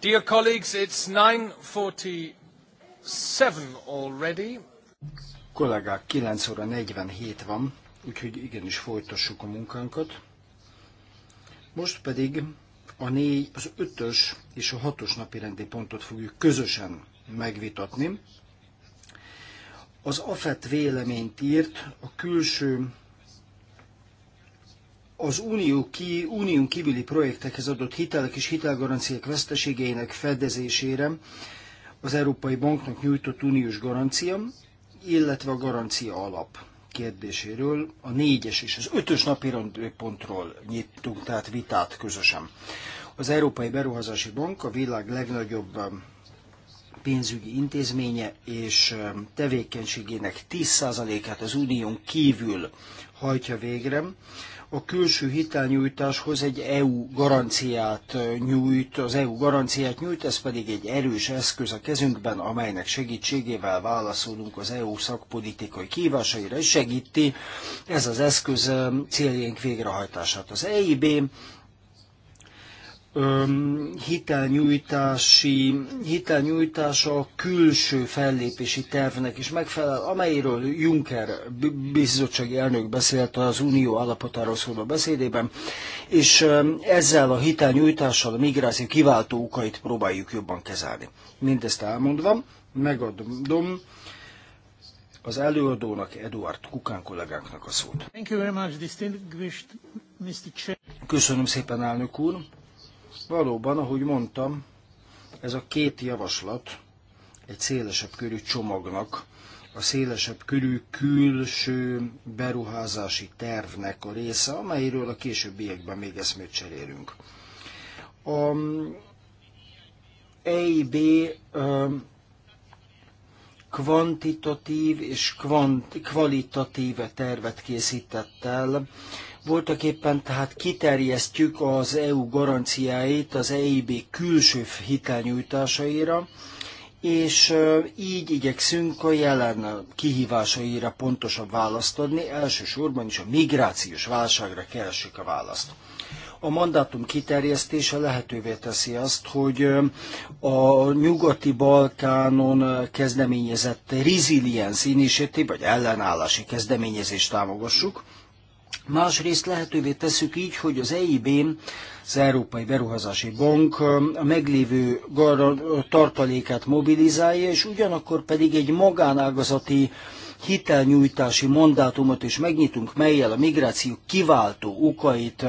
Dear colleagues, it's 9.47 already. Kollégák, 9 óra 47 van, úgyhogy igenis folytassuk a munkánkat. Most pedig a négy, az ötös és a hatos napi rendi pontot fogjuk közösen megvitatni. Az AFET véleményt írt a külső az unió ki, unión kívüli projektekhez adott hitelek és hitelgaranciák veszteségeinek fedezésére az Európai Banknak nyújtott uniós garancia, illetve a garancia alap kérdéséről, a négyes és az ötös napi pontról nyitunk, tehát vitát közösen. Az Európai Beruházási Bank a világ legnagyobb um, pénzügyi intézménye, és um, tevékenységének 10%-át az unión kívül hajtja végre a külső hitelnyújtáshoz egy EU garanciát nyújt, az EU garanciát nyújt, ez pedig egy erős eszköz a kezünkben, amelynek segítségével válaszolunk az EU szakpolitikai kívásaira, és segíti ez az eszköz céljaink végrehajtását. Az EIB hitelnyújtási, hitelnyújtása a külső fellépési tervnek is megfelel, amelyről Juncker bizottsági elnök beszélt az unió alapotáról szóló beszédében, és ezzel a hitelnyújtással a migráció kiváltó okait próbáljuk jobban kezelni. Mindezt elmondva, megadom az előadónak, Eduard Kukán kollégánknak a szót. Köszönöm szépen, elnök úr! Valóban, ahogy mondtam, ez a két javaslat egy szélesebb körű csomagnak, a szélesebb körű külső beruházási tervnek a része, amelyről a későbbiekben még eszmét cserélünk. A EIB kvantitatív és kvant, kvalitatív tervet készített el voltak éppen tehát kiterjesztjük az EU garanciáit az EIB külső hitelnyújtásaira, és így igyekszünk a jelen kihívásaira pontosabb választ adni, elsősorban is a migrációs válságra keresik a választ. A mandátum kiterjesztése lehetővé teszi azt, hogy a nyugati Balkánon kezdeményezett resilience initiative, vagy ellenállási kezdeményezést támogassuk, Másrészt lehetővé tesszük így, hogy az EIB, az Európai Beruházási Bank a meglévő tartalékát mobilizálja, és ugyanakkor pedig egy magánágazati hitelnyújtási mandátumot is megnyitunk, melyel a migráció kiváltó okait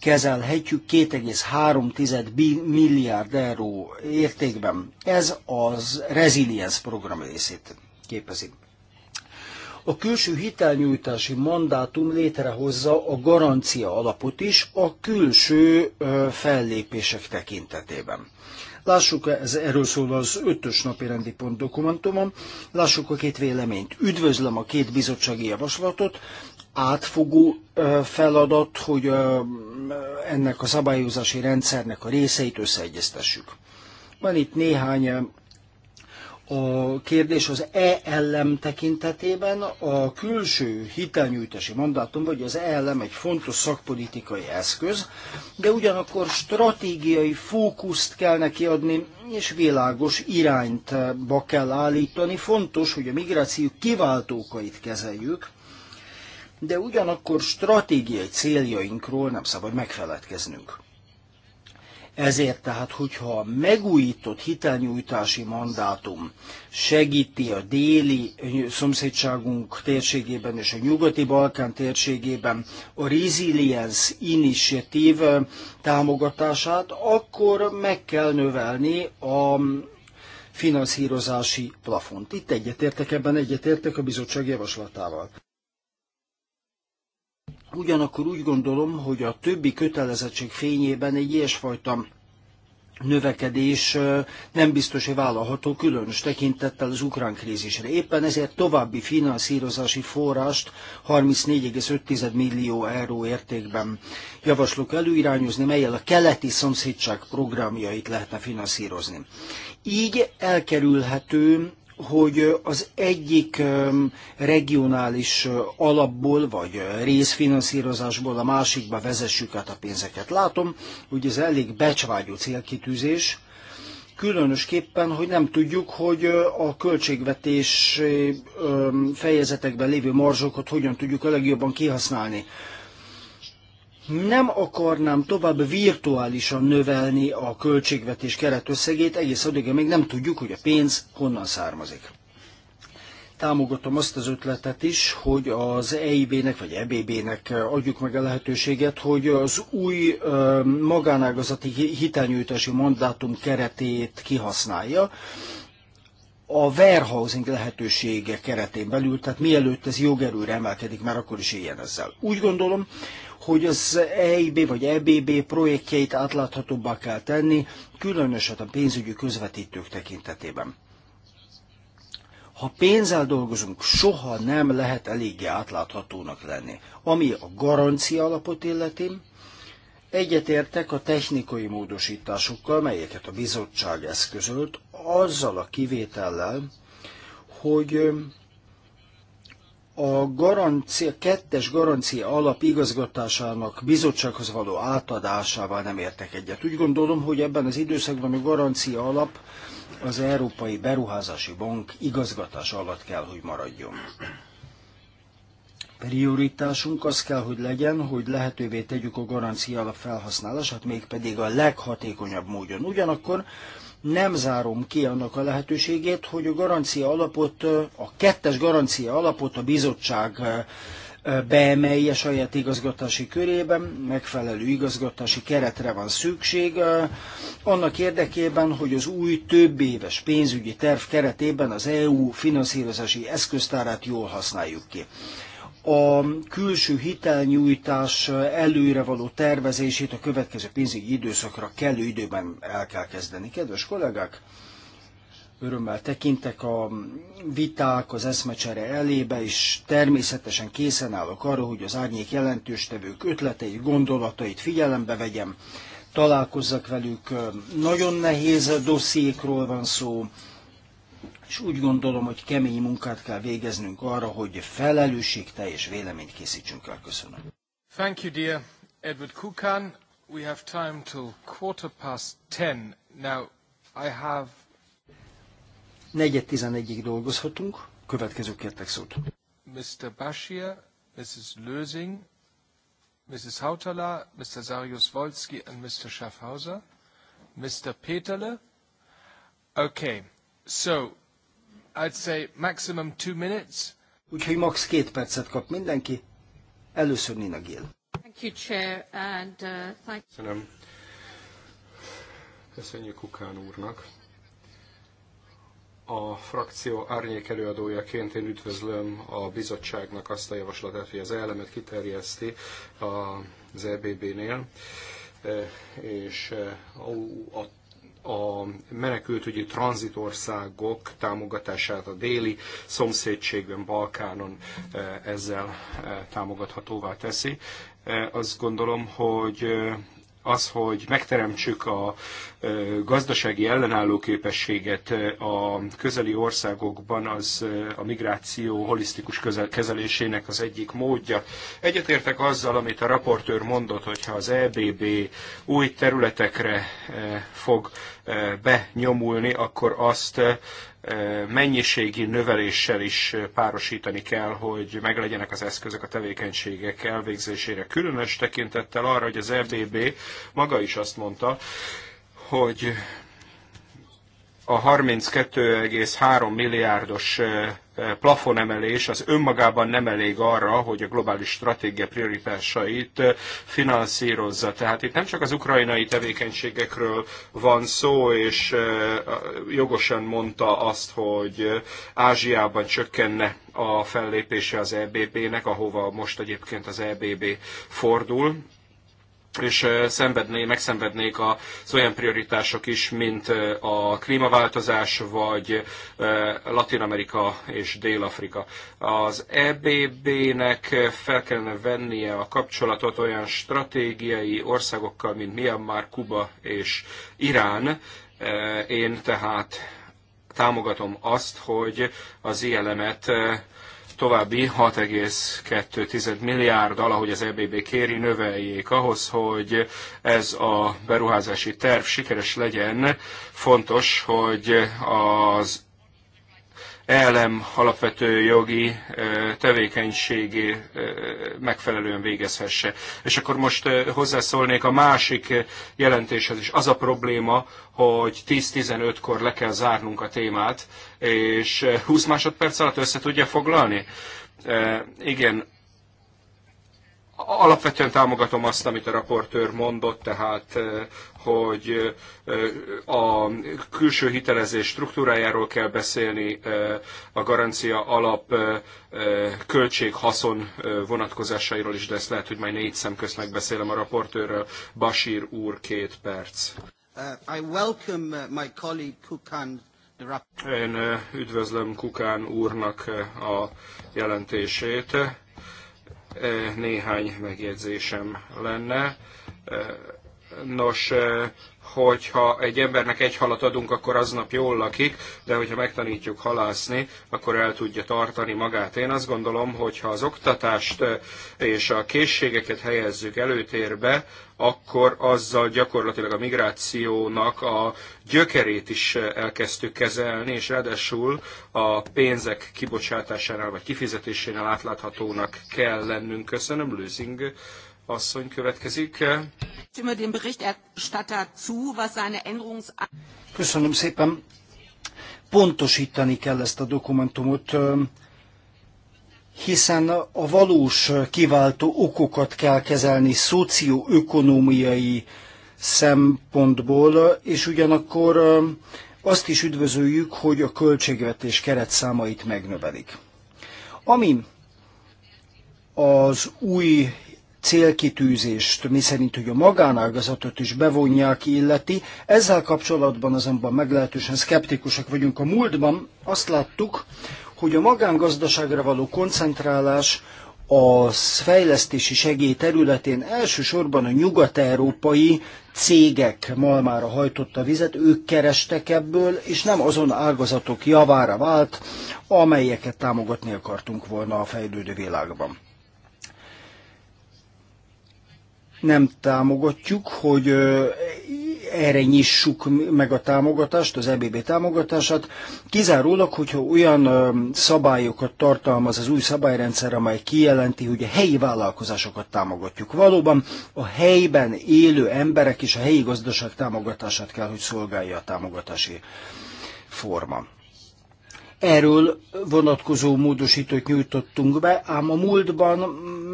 kezelhetjük 2,3 milliárd euró értékben. Ez az Resilience program részét képezik. A külső hitelnyújtási mandátum létrehozza a garancia alapot is a külső fellépések tekintetében. Lássuk, ez erről szól az ötös napi rendi pont dokumentumom, lássuk a két véleményt. Üdvözlöm a két bizottsági javaslatot, átfogó feladat, hogy ennek a szabályozási rendszernek a részeit összeegyeztessük. Van itt néhány a kérdés az e ELM tekintetében a külső hitelnyújtási mandátum, vagy az e ELM egy fontos szakpolitikai eszköz, de ugyanakkor stratégiai fókuszt kell neki adni, és világos irányt be kell állítani. Fontos, hogy a migráció kiváltókait kezeljük, de ugyanakkor stratégiai céljainkról nem szabad megfeledkeznünk. Ezért tehát, hogyha a megújított hitelnyújtási mandátum segíti a déli szomszédságunk térségében és a nyugati Balkán térségében a Resilience Initiative támogatását, akkor meg kell növelni a finanszírozási plafont. Itt egyetértek ebben, egyetértek a bizottság javaslatával. Ugyanakkor úgy gondolom, hogy a többi kötelezettség fényében egy ilyesfajta növekedés nem biztos, hogy vállalható különös tekintettel az ukrán krízisre. Éppen ezért további finanszírozási forrást 34,5 millió euró értékben javaslok előirányozni, melyel a keleti szomszédság programjait lehetne finanszírozni. Így elkerülhető hogy az egyik regionális alapból vagy részfinanszírozásból a másikba vezessük át a pénzeket. Látom, hogy ez elég becsvágyó célkitűzés, különösképpen, hogy nem tudjuk, hogy a költségvetés fejezetekben lévő marzsokat hogyan tudjuk a legjobban kihasználni nem akarnám tovább virtuálisan növelni a költségvetés keretösszegét, egész addig, még nem tudjuk, hogy a pénz honnan származik. Támogatom azt az ötletet is, hogy az EIB-nek vagy EBB-nek adjuk meg a lehetőséget, hogy az új magánágazati hitelnyújtási mandátum keretét kihasználja, a warehousing lehetősége keretén belül, tehát mielőtt ez jogerőre emelkedik, már akkor is éljen ezzel. Úgy gondolom, hogy az EIB vagy EBB projektjeit átláthatóbbá kell tenni, különösen a pénzügyi közvetítők tekintetében. Ha pénzzel dolgozunk, soha nem lehet eléggé átláthatónak lenni. Ami a garancia alapot illeti, egyetértek a technikai módosításokkal, melyeket a bizottság eszközölt, azzal a kivétellel, hogy a garancia, kettes garancia alap igazgatásának bizottsághoz való átadásával nem értek egyet. Úgy gondolom, hogy ebben az időszakban a garancia alap az Európai Beruházási Bank igazgatás alatt kell, hogy maradjon. Prioritásunk az kell, hogy legyen, hogy lehetővé tegyük a garancia alap felhasználását, mégpedig a leghatékonyabb módon. Ugyanakkor nem zárom ki annak a lehetőségét, hogy a garancia alapot, a kettes garancia alapot a bizottság beemelje saját igazgatási körében, megfelelő igazgatási keretre van szükség, annak érdekében, hogy az új több éves pénzügyi terv keretében az EU finanszírozási eszköztárát jól használjuk ki a külső hitelnyújtás előre való tervezését a következő pénzügyi időszakra kellő időben el kell kezdeni. Kedves kollégák, örömmel tekintek a viták, az eszmecsere elébe, és természetesen készen állok arra, hogy az árnyék jelentős tevők ötleteit, gondolatait figyelembe vegyem, találkozzak velük. Nagyon nehéz dossziékról van szó, és úgy gondolom, hogy kemény munkát kell végeznünk arra, hogy felelősségteljes véleményt készítsünk el. Köszönöm. Thank you, dear Edward Kukan. We have time till quarter past ten. Now, I have... Negyed tizenegyig dolgozhatunk. Következő kértek szót. Mr. Bashir, Mrs. Lösing, Mrs. Hautala, Mr. Zarius Wolski and Mr. Schaffhauser, Mr. Peterle. Okay, so I'd say maximum two minutes. Úgyhogy max. két percet kap mindenki. Először Nina Gill. Thank you, Chair, and, uh, thank... Köszönöm. Köszönjük Kukán úrnak. A frakció árnyék előadójaként én üdvözlöm a bizottságnak azt a javaslatát, hogy az elemet kiterjeszti az EBB-nél eh, és eh, a a menekültügyi tranzitországok támogatását a déli szomszédségben, Balkánon e, ezzel e, támogathatóvá teszi. E, azt gondolom, hogy az, hogy megteremtsük a gazdasági ellenálló képességet a közeli országokban, az a migráció holisztikus kezelésének az egyik módja. Egyetértek azzal, amit a raportőr mondott, hogyha az EBB új területekre fog benyomulni, akkor azt mennyiségi növeléssel is párosítani kell, hogy meglegyenek az eszközök a tevékenységek elvégzésére. Különös tekintettel arra, hogy az EBB maga is azt mondta, hogy a 32,3 milliárdos plafonemelés az önmagában nem elég arra, hogy a globális stratégia prioritásait finanszírozza. Tehát itt nem csak az ukrajnai tevékenységekről van szó, és jogosan mondta azt, hogy Ázsiában csökkenne a fellépése az EBB-nek, ahova most egyébként az EBB fordul és szenvedné, megszenvednék az olyan prioritások is, mint a klímaváltozás, vagy Latin Amerika és Dél-Afrika. Az EBB-nek fel kellene vennie a kapcsolatot olyan stratégiai országokkal, mint Myanmar, Kuba és Irán. Én tehát támogatom azt, hogy az ilyenemet további 6,2 milliárd, ahogy az EBB kéri, növeljék ahhoz, hogy ez a beruházási terv sikeres legyen. Fontos, hogy az elem alapvető jogi tevékenységé megfelelően végezhesse. És akkor most hozzászólnék a másik jelentéshez is. Az a probléma, hogy 10-15-kor le kell zárnunk a témát, és 20 másodperc alatt össze tudja foglalni? Igen, alapvetően támogatom azt, amit a raportőr mondott, tehát hogy a külső hitelezés struktúrájáról kell beszélni, a garancia alap költség-haszon vonatkozásairól is, de ezt lehet, hogy majd négy szem közt megbeszélem a raportőrről. Basír úr, két perc. Uh, I welcome uh, my colleague Kukan én üdvözlöm Kukán úrnak a jelentését néhány megjegyzésem lenne. Nos, hogyha egy embernek egy halat adunk, akkor aznap jól lakik, de hogyha megtanítjuk halászni, akkor el tudja tartani magát. Én azt gondolom, hogy ha az oktatást és a készségeket helyezzük előtérbe, akkor azzal gyakorlatilag a migrációnak a gyökerét is elkezdtük kezelni, és ráadásul a pénzek kibocsátásánál vagy kifizetésénél átláthatónak kell lennünk. Köszönöm, Lőzing asszony következik. Köszönöm szépen. Pontosítani kell ezt a dokumentumot, hiszen a valós kiváltó okokat kell kezelni szocioökonomiai szempontból, és ugyanakkor azt is üdvözöljük, hogy a költségvetés keretszámait megnövelik. Ami az új célkitűzést, mi szerint, hogy a magánágazatot is bevonják illeti, ezzel kapcsolatban azonban meglehetősen szkeptikusak vagyunk. A múltban azt láttuk, hogy a magángazdaságra való koncentrálás a fejlesztési segély területén elsősorban a nyugat-európai cégek malmára hajtotta vizet, ők kerestek ebből, és nem azon ágazatok javára vált, amelyeket támogatni akartunk volna a fejlődő világban. nem támogatjuk, hogy erre nyissuk meg a támogatást, az EBB támogatását, kizárólag, hogyha olyan szabályokat tartalmaz az új szabályrendszer, amely kijelenti, hogy a helyi vállalkozásokat támogatjuk. Valóban a helyben élő emberek és a helyi gazdaság támogatását kell, hogy szolgálja a támogatási forma. Erről vonatkozó módosítót nyújtottunk be, ám a múltban,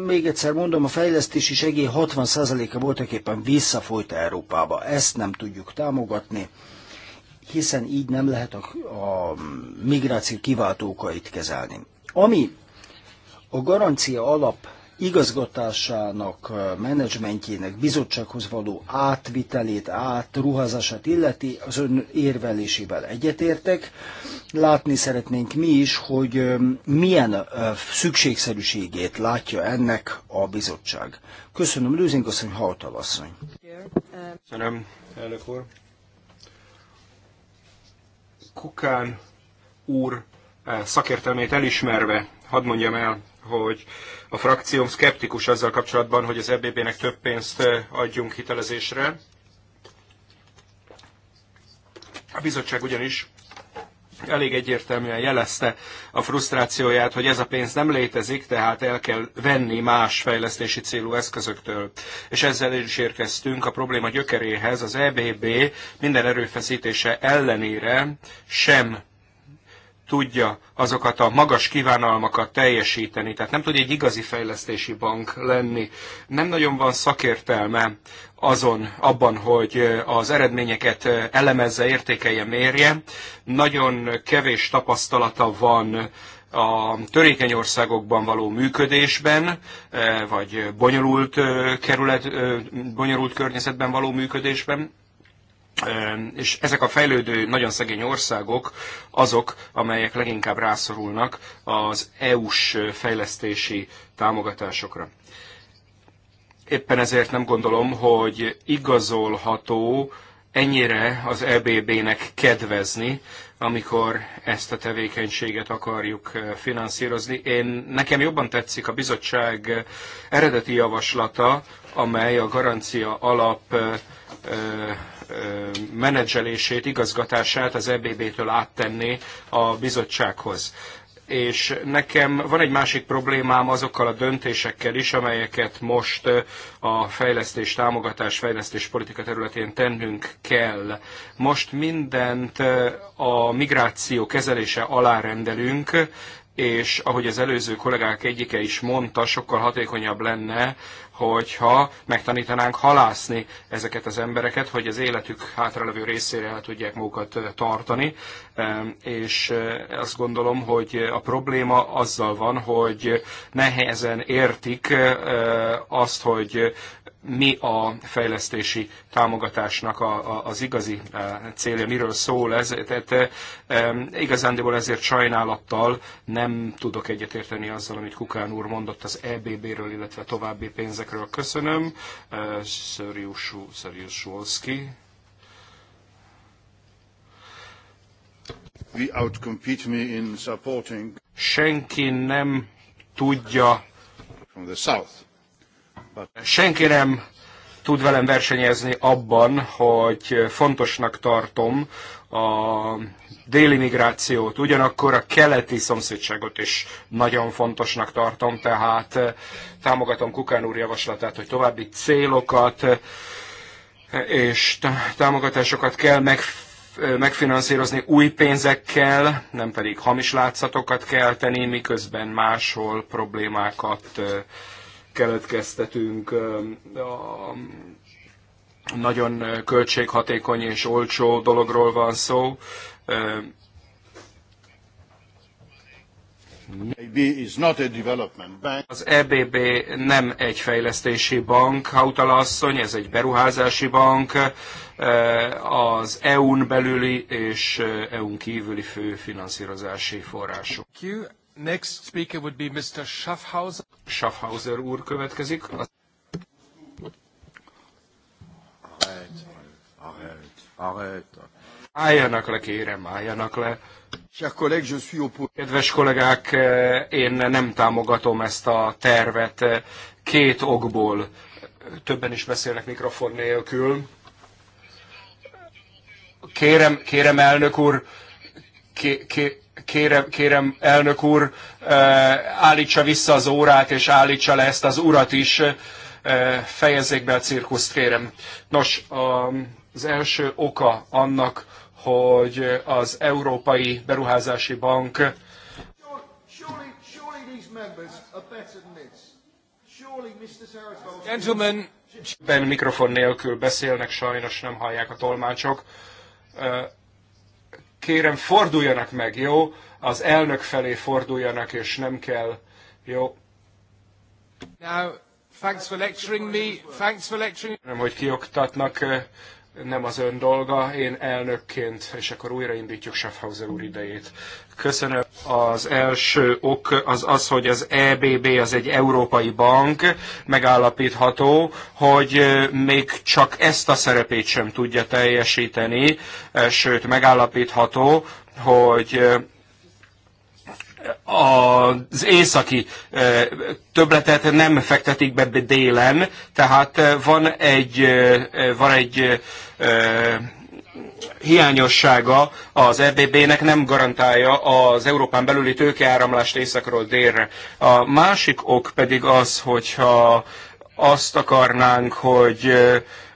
még egyszer mondom, a fejlesztési segély 60%-a voltak éppen visszafolyt Európába. Ezt nem tudjuk támogatni, hiszen így nem lehet a, a migráció kiváltókait kezelni. Ami a garancia alap igazgatásának, eh, menedzsmentjének bizottsághoz való átvitelét, átruházását illeti, az ön érvelésével egyetértek. Látni szeretnénk mi is, hogy eh, milyen eh, szükségszerűségét látja ennek a bizottság. Köszönöm, Lőzink asszony, Hautal asszony. Köszönöm, elnök úr. Kukán úr szakértelmét elismerve, hadd mondjam el hogy a frakcióm szkeptikus azzal kapcsolatban, hogy az EBB-nek több pénzt eh, adjunk hitelezésre. A bizottság ugyanis elég egyértelműen jelezte a frusztrációját, hogy ez a pénz nem létezik, tehát el kell venni más fejlesztési célú eszközöktől. És ezzel is érkeztünk a probléma gyökeréhez. Az EBB minden erőfeszítése ellenére sem tudja azokat a magas kívánalmakat teljesíteni, tehát nem tud egy igazi fejlesztési bank lenni. Nem nagyon van szakértelme azon, abban, hogy az eredményeket elemezze, értékelje, mérje. Nagyon kevés tapasztalata van a törékeny országokban való működésben, vagy bonyolult, kerület, bonyolult környezetben való működésben és ezek a fejlődő, nagyon szegény országok azok, amelyek leginkább rászorulnak az EU-s fejlesztési támogatásokra. Éppen ezért nem gondolom, hogy igazolható ennyire az EBB-nek kedvezni amikor ezt a tevékenységet akarjuk eh, finanszírozni. Én, nekem jobban tetszik a bizottság eh, eredeti javaslata, amely a garancia alap eh, menedzselését, igazgatását az EBB-től áttenni a bizottsághoz és nekem van egy másik problémám azokkal a döntésekkel is, amelyeket most a fejlesztés, támogatás, fejlesztés politika területén tennünk kell. Most mindent a migráció kezelése alárendelünk és ahogy az előző kollégák egyike is mondta, sokkal hatékonyabb lenne, hogyha megtanítanánk halászni ezeket az embereket, hogy az életük hátralevő részére el tudják magukat tartani, és azt gondolom, hogy a probléma azzal van, hogy nehezen értik azt, hogy mi a fejlesztési támogatásnak a, a, az igazi e, célja, miről szól ez. Tehát e, e, igazándiból ezért sajnálattal nem tudok egyetérteni azzal, amit Kukán úr mondott az EBB-ről, illetve további pénzekről. Köszönöm. E, Szörjus Wolski. We outcompete me in supporting. Senki nem tudja. From the south Senki nem tud velem versenyezni abban, hogy fontosnak tartom a déli migrációt, ugyanakkor a keleti szomszédságot is nagyon fontosnak tartom, tehát eh, támogatom Kukán úr javaslatát, hogy további célokat eh, és támogatásokat kell meg, eh, megfinanszírozni új pénzekkel, nem pedig hamis látszatokat kell tenni, miközben máshol problémákat keletkeztetünk a nagyon költséghatékony és olcsó dologról van szó. Az EBB nem egy fejlesztési bank, Hautala asszony, ez egy beruházási bank, az EU-n belüli és EU-n kívüli fő finanszírozási források. Next speaker would be Mr. Schaffhauser. Schaffhauser úr következik. Arrête, arrête, arrête. Álljanak le, kérem, álljanak le. Kedves kollégák, eh, én nem támogatom ezt a tervet eh, két okból. Többen is beszélnek mikrofon nélkül. Kérem, kérem elnök úr, ké, ké, kérem, kérem elnök úr, eh, állítsa vissza az órát, és állítsa le ezt az urat is, eh, fejezzék be a cirkuszt, kérem. Nos, az első oka annak, hogy az Európai Beruházási Bank Gentlemen, ben mikrofon nélkül beszélnek, sajnos nem hallják a tolmácsok. Eh, kérem forduljanak meg, jó? Az elnök felé forduljanak, és nem kell, jó? Now, thanks for lecturing me, thanks for lecturing... Nem, hogy kioktatnak eh, nem az ön dolga, én elnökként, és akkor újraindítjuk Schaffhauser úr idejét. Köszönöm. Az első ok az az, hogy az EBB az egy európai bank, megállapítható, hogy még csak ezt a szerepét sem tudja teljesíteni, sőt megállapítható, hogy az északi eh, töbletet nem fektetik be délen, tehát eh, van egy, eh, van egy hiányossága az EBB-nek nem garantálja az Európán belüli tőkeáramlást északról délre. A másik ok pedig az, hogyha azt akarnánk, hogy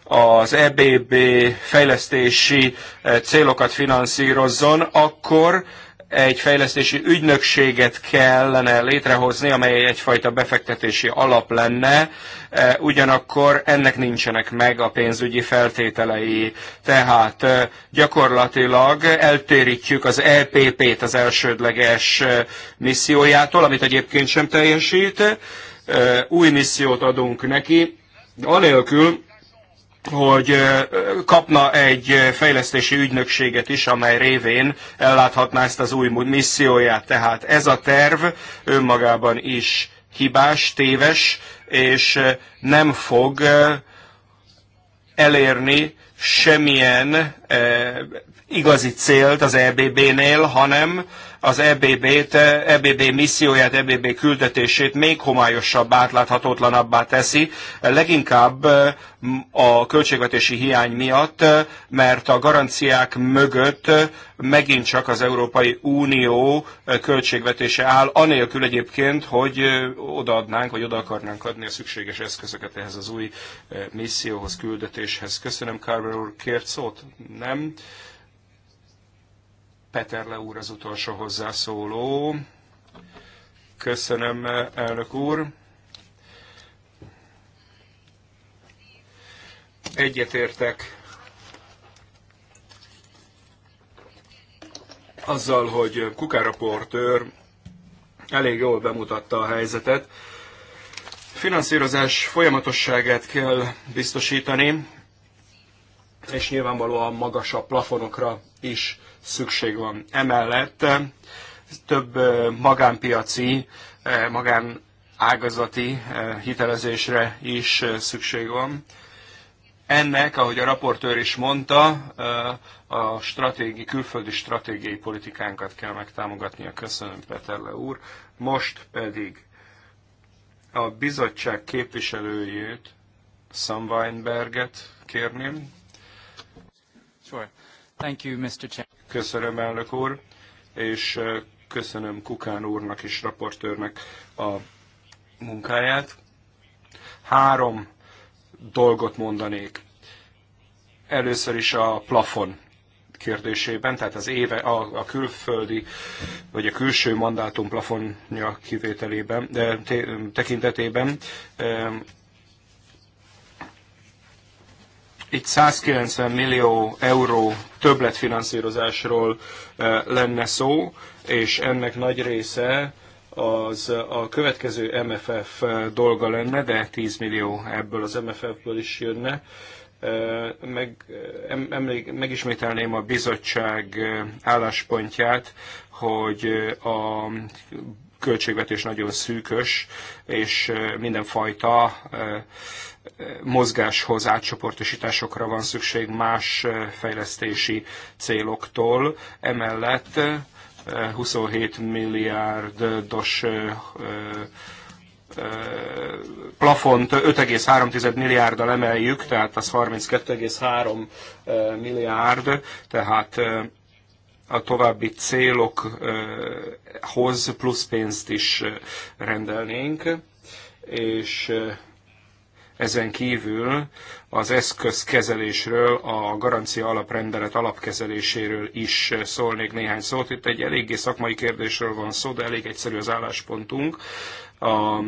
az EBB fejlesztési célokat finanszírozzon, akkor egy fejlesztési ügynökséget kellene létrehozni, amely egyfajta befektetési alap lenne, e, ugyanakkor ennek nincsenek meg a pénzügyi feltételei. Tehát e, gyakorlatilag eltérítjük az EPP-t az elsődleges e, missziójától, amit egyébként sem teljesít, új missziót adunk neki, anélkül, hogy kapna egy fejlesztési ügynökséget is, amely révén elláthatná ezt az új misszióját. Tehát ez a terv önmagában is hibás, téves, és nem fog elérni semmilyen igazi célt az EBB-nél, hanem az EBB-t, EBB misszióját, EBB küldetését még homályosabb, átláthatótlanabbá teszi, leginkább a költségvetési hiány miatt, mert a garanciák mögött megint csak az Európai Unió költségvetése áll, anélkül egyébként, hogy odaadnánk, vagy oda akarnánk adni a szükséges eszközöket ehhez az új misszióhoz, küldetéshez. Köszönöm, Carver úr, kért szót? Nem? Peterle úr az utolsó hozzászóló. Köszönöm, elnök úr. Egyetértek azzal, hogy kukáraportőr elég jól bemutatta a helyzetet. Finanszírozás folyamatosságát kell biztosítani, és nyilvánvalóan magasabb plafonokra is szükség van. Emellett eh, több eh, magánpiaci, eh, magán ágazati hitelezésre is szükség van. Ennek, ahogy a raportőr is mondta, a stratégi, külföldi stratégiai politikánkat kell megtámogatnia. Köszönöm, Peterle úr. Most pedig a bizottság képviselőjét, Sam Weinberget kérném. Sure. Thank you, Mr. Chair. Köszönöm, elnök úr, és köszönöm Kukán úrnak és raportőrnek a munkáját. Három dolgot mondanék. Először is a plafon kérdésében, tehát az éve, a, a külföldi, vagy a külső mandátum plafonja kivételében, de te, tekintetében Itt 190 millió euró többletfinanszírozásról eh, lenne szó, és ennek nagy része az a következő MFF eh, dolga lenne, de 10 millió ebből az MFF-ből is jönne. Eh, meg, emlék, megismételném a bizottság álláspontját, hogy a költségvetés nagyon szűkös, és mindenfajta mozgáshoz, átcsoportosításokra van szükség más fejlesztési céloktól. Emellett 27 milliárdos plafont 5,3 milliárddal emeljük, tehát az 32,3 milliárd, tehát a további célokhoz plusz pénzt is rendelnénk, és ezen kívül az eszközkezelésről, a garancia alaprendelet alapkezeléséről is szólnék néhány szót. Itt egy eléggé szakmai kérdésről van szó, de elég egyszerű az álláspontunk a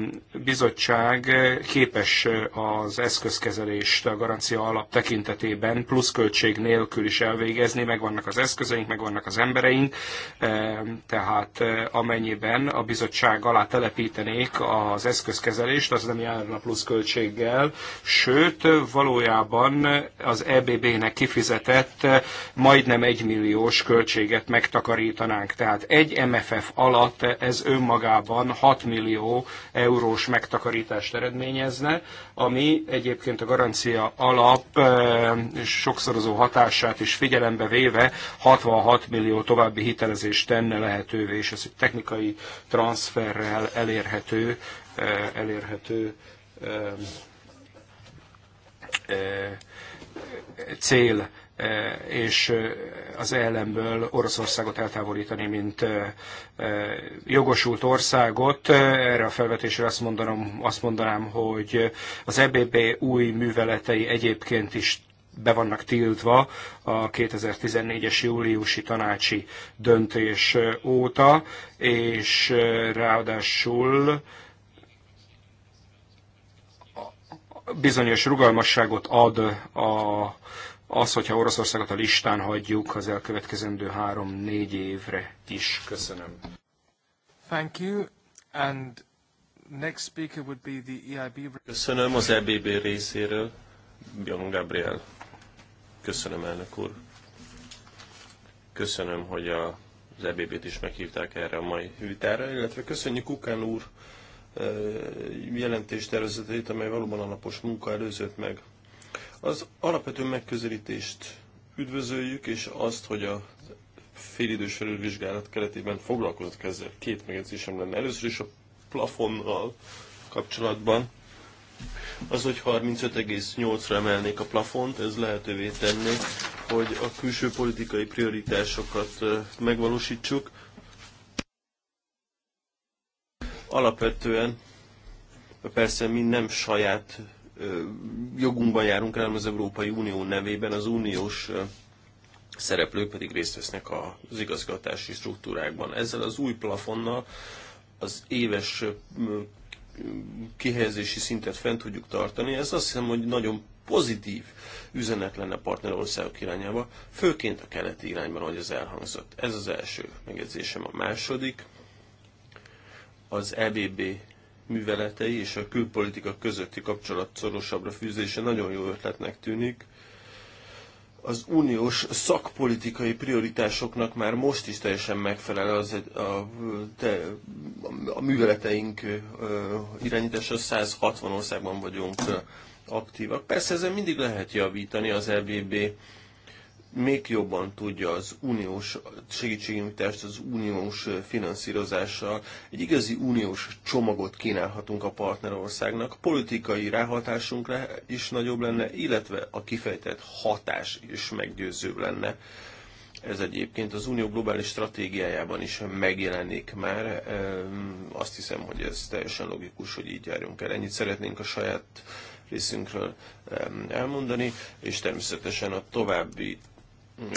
bizottság képes az eszközkezelést a garancia alap tekintetében pluszköltség nélkül is elvégezni, megvannak az eszközeink, megvannak az embereink, e, tehát e, amennyiben a bizottság alá telepítenék az eszközkezelést, az nem járna pluszköltséggel, sőt, valójában az EBB-nek kifizetett majdnem egymilliós költséget megtakarítanánk. Tehát egy MFF alatt ez önmagában 6 millió eurós megtakarítást eredményezne, ami egyébként a garancia alap eh, sokszorozó hatását is figyelembe véve 66 millió további hitelezést tenne lehetővé, és ez egy technikai transferrel elérhető, eh, elérhető eh, cél Eh, és eh, az ellenből Oroszországot eltávolítani, mint eh, jogosult országot. Erre a felvetésre azt, mondanom, azt mondanám, hogy az EBB új műveletei egyébként is be vannak tiltva a 2014-es júliusi tanácsi döntés óta, és ráadásul bizonyos rugalmasságot ad a az, hogyha Oroszországot a listán hagyjuk az elkövetkezendő három-négy évre is. Köszönöm. Thank you. And next speaker would be the EIB. Köszönöm az EBB részéről, Bion Gabriel. Köszönöm, elnök úr. Köszönöm, hogy a, az EBB-t is meghívták erre a mai vitára, illetve köszönjük Kukán úr jelentéstervezetét, amely valóban alapos munka előzött meg az alapvető megközelítést üdvözöljük, és azt, hogy a félidős felülvizsgálat keretében foglalkozott ezzel. Két megjegyzésem lenne. Először is a plafonnal kapcsolatban. Az, hogy 35,8-ra emelnék a plafont, ez lehetővé tenné, hogy a külső politikai prioritásokat megvalósítsuk. Alapvetően persze mi nem saját jogunkban járunk el, az Európai Unió nevében, az uniós szereplők pedig részt vesznek az igazgatási struktúrákban. Ezzel az új plafonnal az éves kihelyezési szintet fent tudjuk tartani. Ez azt hiszem, hogy nagyon pozitív üzenet lenne a partnerországok irányába, főként a keleti irányban, ahogy az elhangzott. Ez az első megjegyzésem. A második, az EBB műveletei és a külpolitika közötti kapcsolat szorosabbra fűzése nagyon jó ötletnek tűnik. Az uniós szakpolitikai prioritásoknak már most is teljesen megfelel az, a, te, a műveleteink irányítása 160 országban vagyunk aktívak. Persze ezen mindig lehet javítani az EBB még jobban tudja az uniós segítségnyújtást, az uniós finanszírozással. Egy igazi uniós csomagot kínálhatunk a partnerországnak, politikai ráhatásunkra is nagyobb lenne, illetve a kifejtett hatás is meggyőzőbb lenne. Ez egyébként az Unió globális stratégiájában is megjelenik már. Ehm, azt hiszem, hogy ez teljesen logikus, hogy így járjunk el. Ennyit szeretnénk a saját részünkről ehm, elmondani, és természetesen a további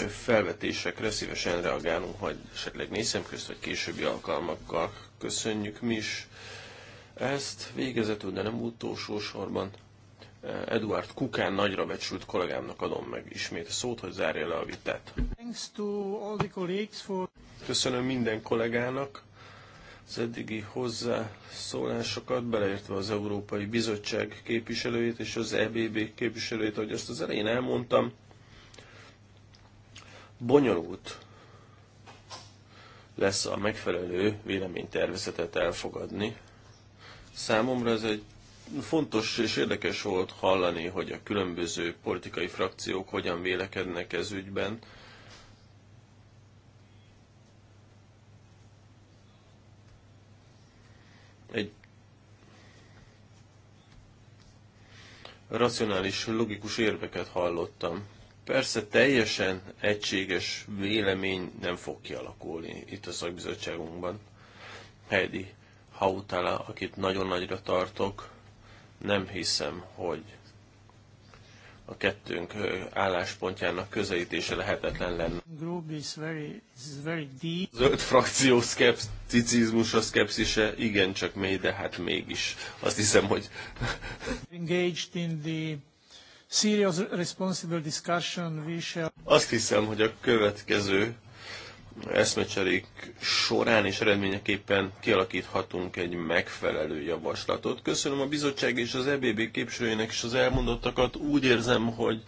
felvetésekre szívesen reagálunk, majd esetleg nézem közt, vagy későbbi alkalmakkal. Köszönjük mi is ezt. Végezetül, de nem utolsó sorban eh, Eduard Kukán nagyra becsült kollégámnak adom meg ismét a szót, hogy zárja le a vitát. Köszönöm minden kollégának az eddigi hozzászólásokat, beleértve az Európai Bizottság képviselőjét és az EBB képviselőjét, ahogy azt az elején elmondtam, bonyolult lesz a megfelelő véleménytervezetet elfogadni. Számomra ez egy fontos és érdekes volt hallani, hogy a különböző politikai frakciók hogyan vélekednek ez ügyben. Egy racionális, logikus érveket hallottam Persze teljesen egységes vélemény nem fog kialakulni itt a szakbizottságunkban. Heidi Hautala, akit nagyon nagyra tartok, nem hiszem, hogy a kettőnk álláspontjának közelítése lehetetlen lenne. Zöld frakció szkepticizmusa, szkepszise igencsak mély, de hát mégis azt hiszem, hogy serious responsible discussion we shall... Azt hiszem, hogy a következő eszmecserék során és eredményeképpen kialakíthatunk egy megfelelő javaslatot. Köszönöm a bizottság és az EBB képviselőjének is az elmondottakat. Úgy érzem, hogy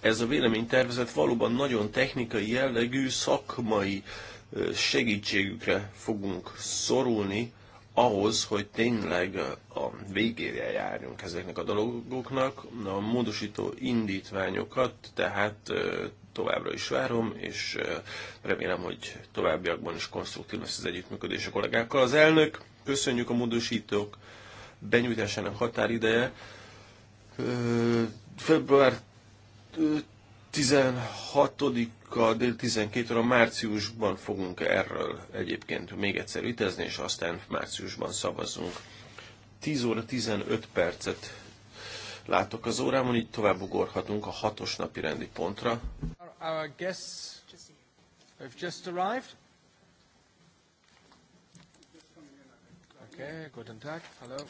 ez a véleménytervezet valóban nagyon technikai jellegű, szakmai segítségükre fogunk szorulni ahhoz, hogy tényleg a végére járjunk ezeknek a dolgoknak. A módosító indítványokat tehát továbbra is várom, és remélem, hogy továbbiakban is konstruktív lesz az együttműködés a kollégákkal. Az elnök, köszönjük a módosítók benyújtásának határideje. Február 16-a 12 óra márciusban fogunk erről egyébként még egyszer vitezni, és aztán márciusban szavazunk. 10 óra 15 percet látok az órámon, így tovább ugorhatunk a hatos napi rendi pontra. Our guests have just arrived. Okay, guten Tag, hello.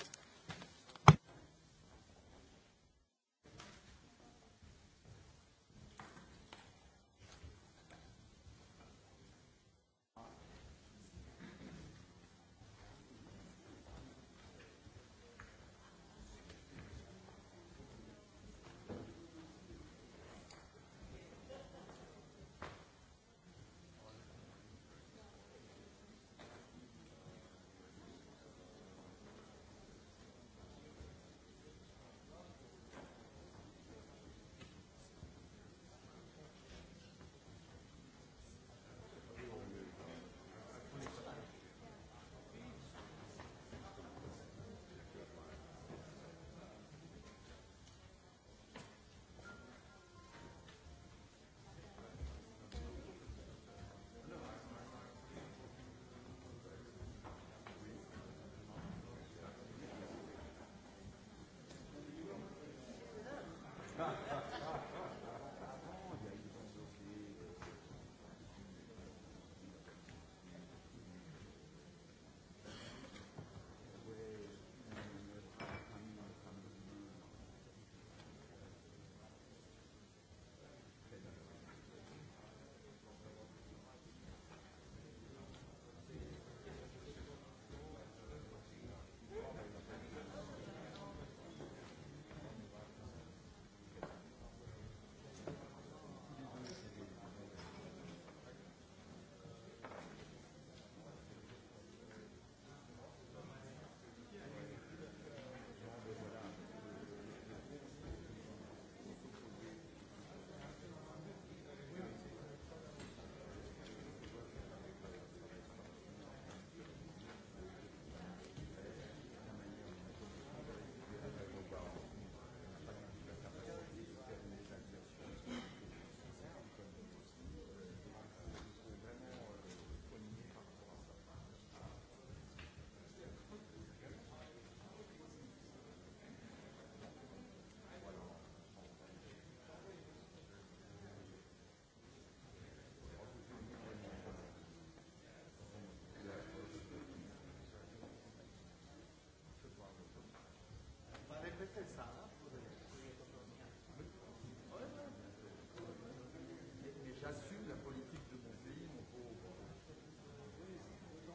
J'assume la politique de mon pays, mon pauvre.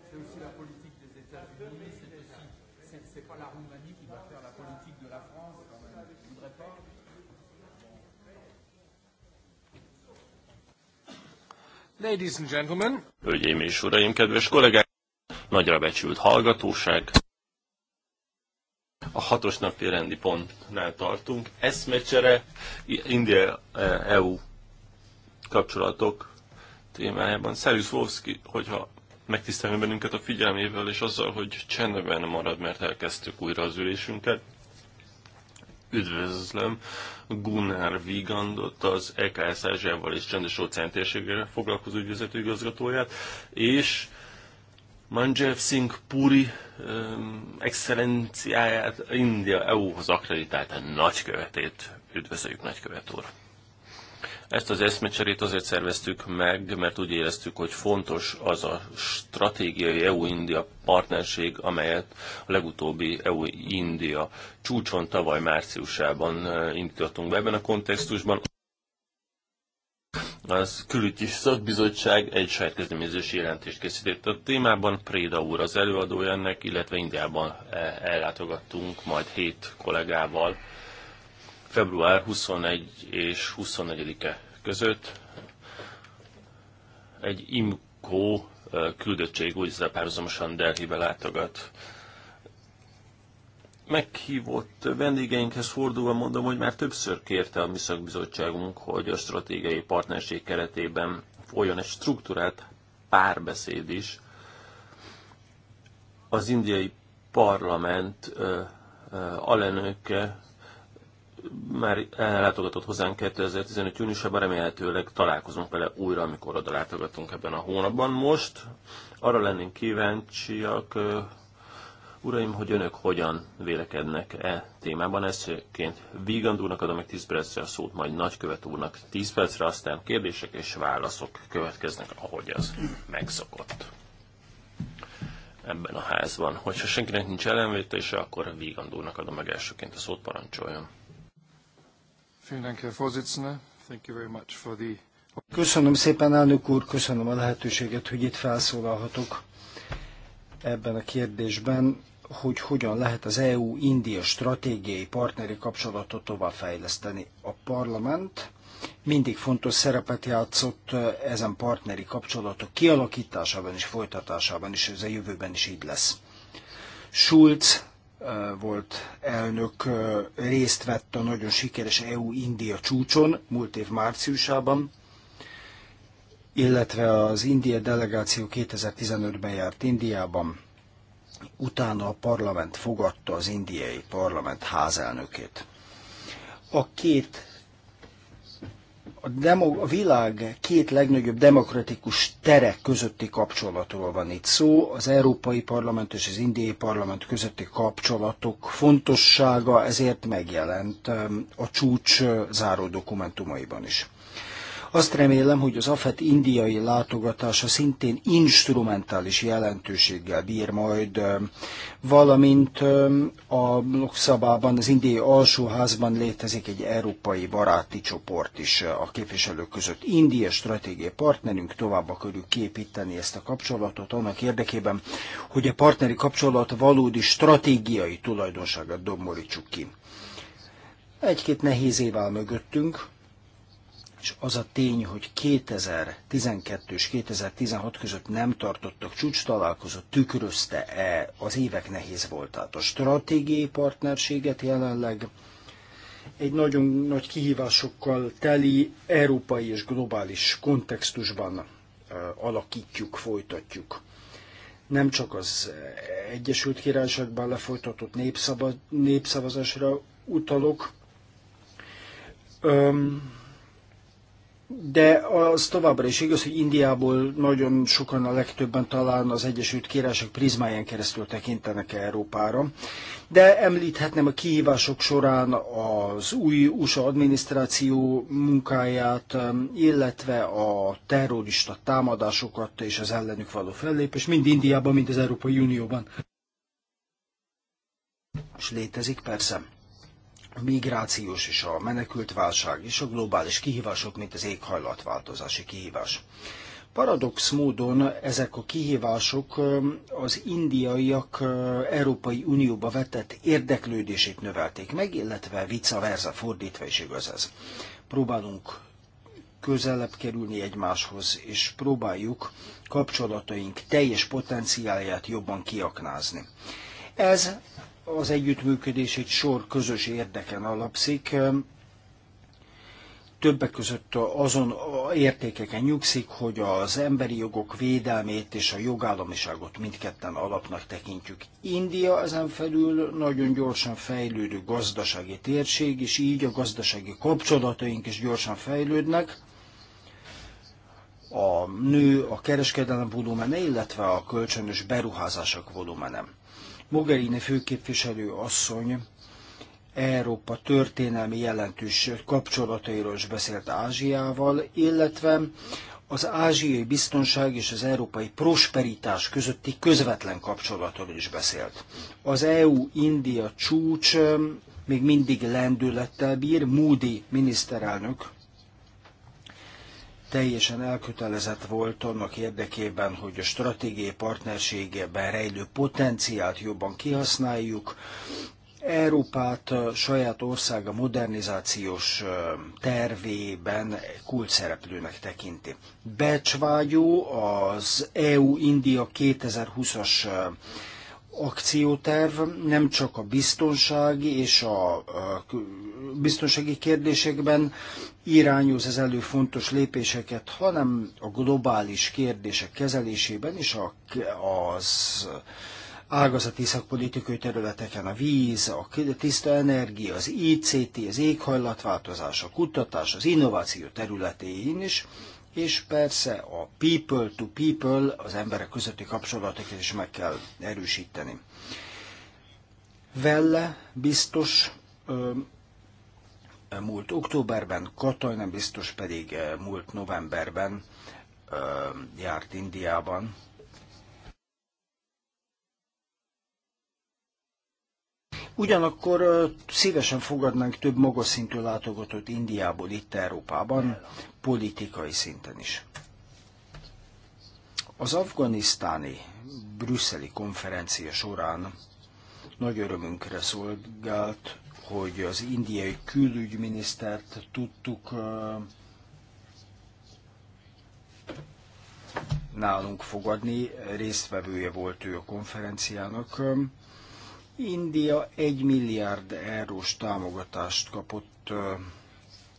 C'est aussi la politique des États-Unis, c'est aussi. C'est pas la Roumanie qui va faire la politique de la France, quand même. Je voudrais pas. Ladies and gentlemen. Hölgyeim és uraim, kedves kollégák! Nagyra becsült hallgatóság! hatos napi rendi pontnál tartunk. Eszmecsere, India-EU eh, e kapcsolatok témájában. Szerűs Wolfski, hogyha megtisztelni bennünket a figyelmével és azzal, hogy csendben marad, mert elkezdtük újra az ülésünket. Üdvözlöm Gunnar Vigandot, az EKS Ázsiával és Csendes óceán térségére foglalkozó ügyvezető igazgatóját, és Manjev Singh Puri um, excellenciáját India EU-hoz akreditált nagykövetét. Üdvözöljük, nagykövet úr! Ezt az eszmecserét azért szerveztük meg, mert úgy éreztük, hogy fontos az a stratégiai EU-India partnerség, amelyet a legutóbbi EU-India csúcson tavaly márciusában indítottunk be ebben a kontextusban az külügyi szakbizottság egy saját kezdeményezési jelentést készített a témában. Préda úr az előadója ennek, illetve Indiában eh, ellátogattunk majd hét kollégával február 21 és 24-e között. Egy IMCO eh, küldöttség úgy párhuzamosan Delhibe látogat meghívott vendégeinkhez fordulva mondom, hogy már többször kérte a mi szakbizottságunk, hogy a stratégiai partnerség keretében folyjon egy struktúrált párbeszéd is az indiai parlament alelnöke már ellátogatott hozzánk 2015. júniusában, remélhetőleg találkozunk vele újra, amikor oda látogatunk ebben a hónapban. Most arra lennénk kíváncsiak, Uraim, hogy önök hogyan vélekednek e témában. Ezként Vigand úrnak adom meg 10 percre a szót, majd nagykövet úrnak 10 percre, aztán kérdések és válaszok következnek, ahogy az megszokott ebben a házban. Hogyha senkinek nincs ellenvétése, akkor Vigand úrnak adom meg elsőként a szót, parancsoljon. Köszönöm szépen, elnök úr, köszönöm a lehetőséget, hogy itt felszólalhatok ebben a kérdésben hogy hogyan lehet az EU-India stratégiai partneri kapcsolatot továbbfejleszteni. A parlament mindig fontos szerepet játszott ezen partneri kapcsolatok kialakításában és folytatásában, és ez a jövőben is így lesz. Schulz volt elnök, részt vett a nagyon sikeres EU-India csúcson múlt év márciusában, illetve az India delegáció 2015-ben járt Indiában utána a parlament fogadta az indiai parlament házelnökét. A két a, demo, a világ két legnagyobb demokratikus tere közötti kapcsolatról van itt szó. Az Európai Parlament és az Indiai Parlament közötti kapcsolatok fontossága ezért megjelent um, a csúcs uh, záró dokumentumaiban is. Azt remélem, hogy az AFET indiai látogatása szintén instrumentális jelentőséggel bír majd, valamint a luxabában az indiai alsóházban létezik egy európai baráti csoport is a képviselők között. India stratégiai partnerünk tovább akarjuk képíteni ezt a kapcsolatot annak érdekében, hogy a partneri kapcsolat valódi stratégiai tulajdonságát domborítsuk ki. Egy-két nehéz év áll mögöttünk, és az a tény, hogy 2012 és 2016 között nem tartottak csúcs találkozó, tükrözte-e az évek nehéz voltát. A stratégiai partnerséget jelenleg egy nagyon nagy kihívásokkal teli európai és globális kontextusban alakítjuk, folytatjuk. Nem csak az Egyesült Királyságban lefolytatott népszava, népszavazásra utalok, Öm, de az továbbra is igaz, hogy Indiából nagyon sokan a legtöbben talán az Egyesült Királyság prizmáján keresztül tekintenek Európára. De említhetném a kihívások során az új USA adminisztráció munkáját, illetve a terrorista támadásokat és az ellenük való fellépés, mind Indiában, mind az Európai Unióban. És létezik persze migrációs és a menekültválság és a globális kihívások, mint az éghajlatváltozási kihívás. Paradox módon ezek a kihívások az indiaiak Európai Unióba vetett érdeklődését növelték meg, illetve vice versa fordítva is igaz ez. Próbálunk közelebb kerülni egymáshoz, és próbáljuk kapcsolataink teljes potenciálját jobban kiaknázni. Ez az együttműködés egy sor közös érdeken alapszik, többek között azon értékeken nyugszik, hogy az emberi jogok védelmét és a jogállamiságot mindketten alapnak tekintjük. India ezen felül nagyon gyorsan fejlődő gazdasági térség, és így a gazdasági kapcsolataink is gyorsan fejlődnek. A nő a kereskedelem volumene, illetve a kölcsönös beruházások volumene. Mogherini főképviselő asszony Európa történelmi jelentős kapcsolatairól is beszélt Ázsiával, illetve az ázsiai biztonság és az európai prosperitás közötti közvetlen kapcsolatról is beszélt. Az EU-India csúcs um, még mindig lendülettel bír, Moody miniszterelnök teljesen elkötelezett volt annak érdekében, hogy a stratégiai partnerségében rejlő potenciált jobban kihasználjuk. Európát saját országa modernizációs tervében kulcsszereplőnek tekinti. Becsvágyó az EU-India 2020-as akcióterv nem csak a biztonsági és a biztonsági kérdésekben irányoz az elő fontos lépéseket, hanem a globális kérdések kezelésében is a, az ágazati szakpolitikai területeken a víz, a tiszta energia, az ICT, az éghajlatváltozás, a kutatás, az innováció területén is, és persze a people to people, az emberek közötti kapcsolatokat is meg kell erősíteni. Velle biztos e, múlt októberben, Katajna biztos pedig e, múlt novemberben járt Indiában, Ugyanakkor szívesen fogadnánk több magas szintű látogatót Indiából itt Európában, politikai szinten is. Az afganisztáni brüsszeli konferencia során nagy örömünkre szolgált, hogy az indiai külügyminisztert tudtuk nálunk fogadni, résztvevője volt ő a konferenciának. India 1 milliárd eurós támogatást kapott,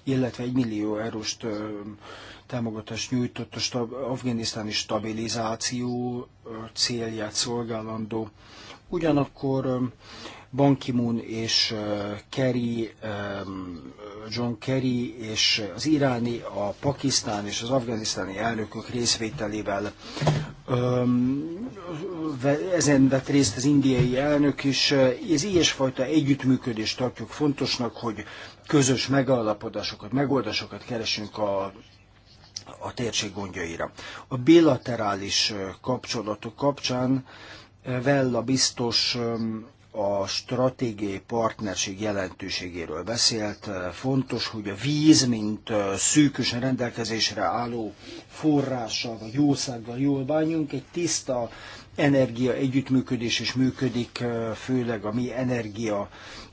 illetve 1 millió eurós támogatást nyújtott a stab- afganisztáni stabilizáció célját szolgálandó. Ugyanakkor Ban Ki-moon és Kerry, John Kerry és az iráni, a pakisztán és az afganisztáni elnökök részvételével ezen vett részt az indiai elnök is. Ez ilyesfajta együttműködést tartjuk fontosnak, hogy közös megállapodásokat, megoldásokat keresünk a a térség gondjaira. A bilaterális kapcsolatok kapcsán Vella biztos a stratégiai partnerség jelentőségéről beszélt. Fontos, hogy a víz, mint szűkösen rendelkezésre álló forrással vagy jószággal jól bánjunk, egy tiszta energia együttműködés is működik, főleg a mi energia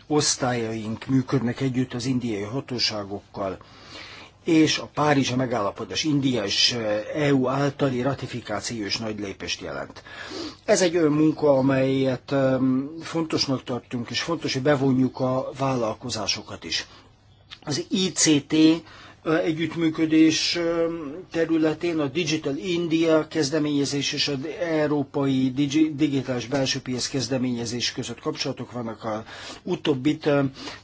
osztályaink működnek együtt az indiai hatóságokkal és a Párizsi megállapodás India és EU eh, e általi ratifikációs nagy lépést jelent. Ez egy olyan munka, amelyet fontosnak tartunk, és fontos, hogy bevonjuk a vállalkozásokat is. Az ICT együttműködés területén a Digital India kezdeményezés és az Európai Digitális Belső Piac kezdeményezés között kapcsolatok vannak. A utóbbit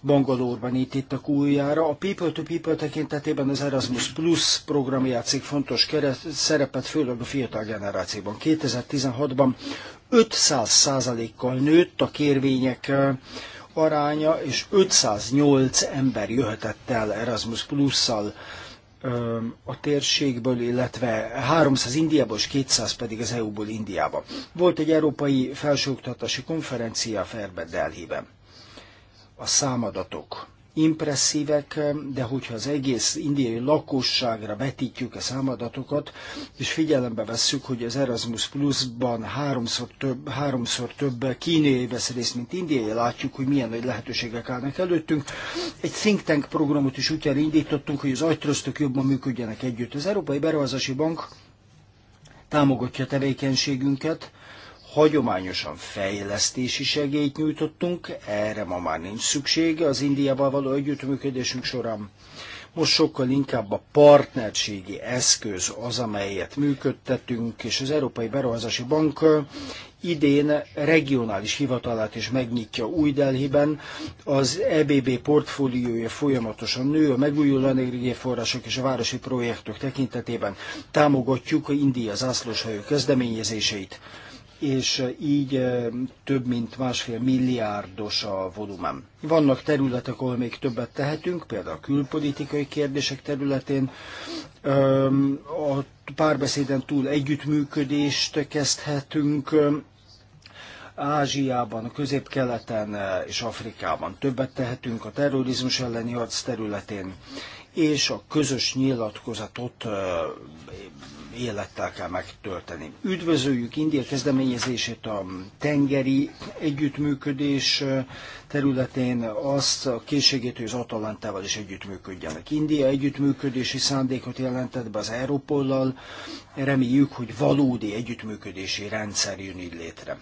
Bangalore-ban ítéltek újjára. A People to People tekintetében az Erasmus Plus program játszik fontos keret, szerepet, főleg a fiatal generációban. 2016-ban 500 százalékkal nőtt a kérvények aránya, és 508 ember jöhetett el Erasmus Plus-szal a térségből, illetve 300 Indiából és 200 pedig az EU-ból Indiába. Volt egy európai felsőoktatási konferencia Ferbe Delhiben. A számadatok impresszívek, de hogyha az egész indiai lakosságra vetítjük a számadatokat, és figyelembe vesszük, hogy az Erasmus Plus-ban háromszor több, háromszor több kínai vesz részt, mint indiai, látjuk, hogy milyen nagy lehetőségek állnak előttünk. Egy think tank programot is úgy elindítottunk, hogy az agytrosztok jobban működjenek együtt. Az Európai Beruházási Bank támogatja tevékenységünket, hagyományosan fejlesztési segélyt nyújtottunk, erre ma már nincs szüksége az Indiával való együttműködésünk során. Most sokkal inkább a partnerségi eszköz az, amelyet működtetünk, és az Európai Beruházási Bank idén regionális hivatalát is megnyitja új Delhiben. Az EBB portfóliója folyamatosan nő a megújuló energiaforrások és a városi projektek tekintetében. Támogatjuk a India zászlóshajó kezdeményezéseit és így eh, több mint másfél milliárdos a volumen. Vannak területek, ahol még többet tehetünk, például a külpolitikai kérdések területén. A párbeszéden túl együttműködést kezdhetünk, eh, Ázsiában, Közép-Keleten eh, és Afrikában. Többet tehetünk a terrorizmus elleni harc területén, és a közös nyilatkozatot élettel kell megtölteni. Üdvözöljük India kezdeményezését a tengeri együttműködés területén, azt a készségét, hogy az Atalantával is együttműködjenek. India együttműködési szándékot jelentett be az Európollal, reméljük, hogy valódi együttműködési rendszer jön így létre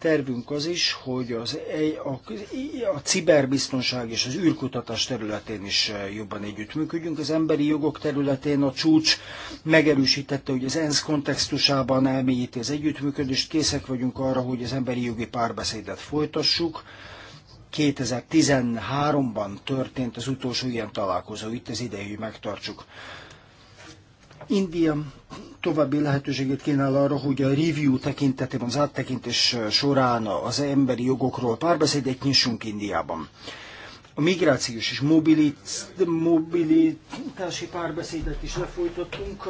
tervünk az is, hogy az, a, a ciberbiztonság és az űrkutatás területén is eh, jobban együttműködjünk. Az emberi jogok területén a csúcs megerősítette, hogy az ENSZ kontextusában elmélyíti az együttműködést, készek vagyunk arra, hogy az emberi jogi párbeszédet folytassuk. 2013-ban történt az utolsó ilyen találkozó, itt az idejű megtartsuk. India további lehetőséget kínál arra, hogy a review tekintetében, az áttekintés során az emberi jogokról párbeszédet nyissunk Indiában. A migrációs és mobilit, mobilitási párbeszédet is lefolytottunk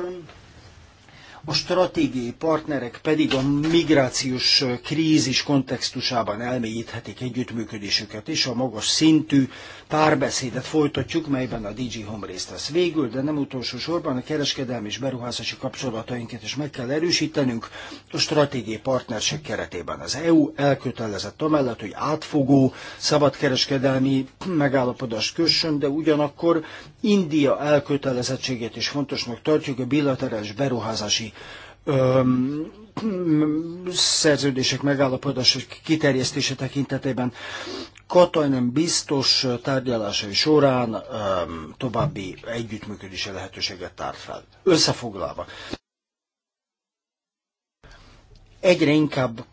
a stratégiai partnerek pedig a migrációs krízis kontextusában elmélyíthetik együttműködésüket, és a magas szintű párbeszédet folytatjuk, melyben a DG Home részt vesz. Végül, de nem utolsó sorban a kereskedelmi és beruházási kapcsolatainkat is meg kell erősítenünk a stratégiai partnerség keretében. Az EU elkötelezett amellett, hogy átfogó szabadkereskedelmi megállapodást kössön, de ugyanakkor India elkötelezettségét is fontosnak tartjuk a bilaterális beruházási nemzetközi öm, szerződések, megállapodások kiterjesztése tekintetében. Katajnem biztos tárgyalásai során öm, további együttműködési lehetőséget tár fel. Összefoglalva, egyre inkább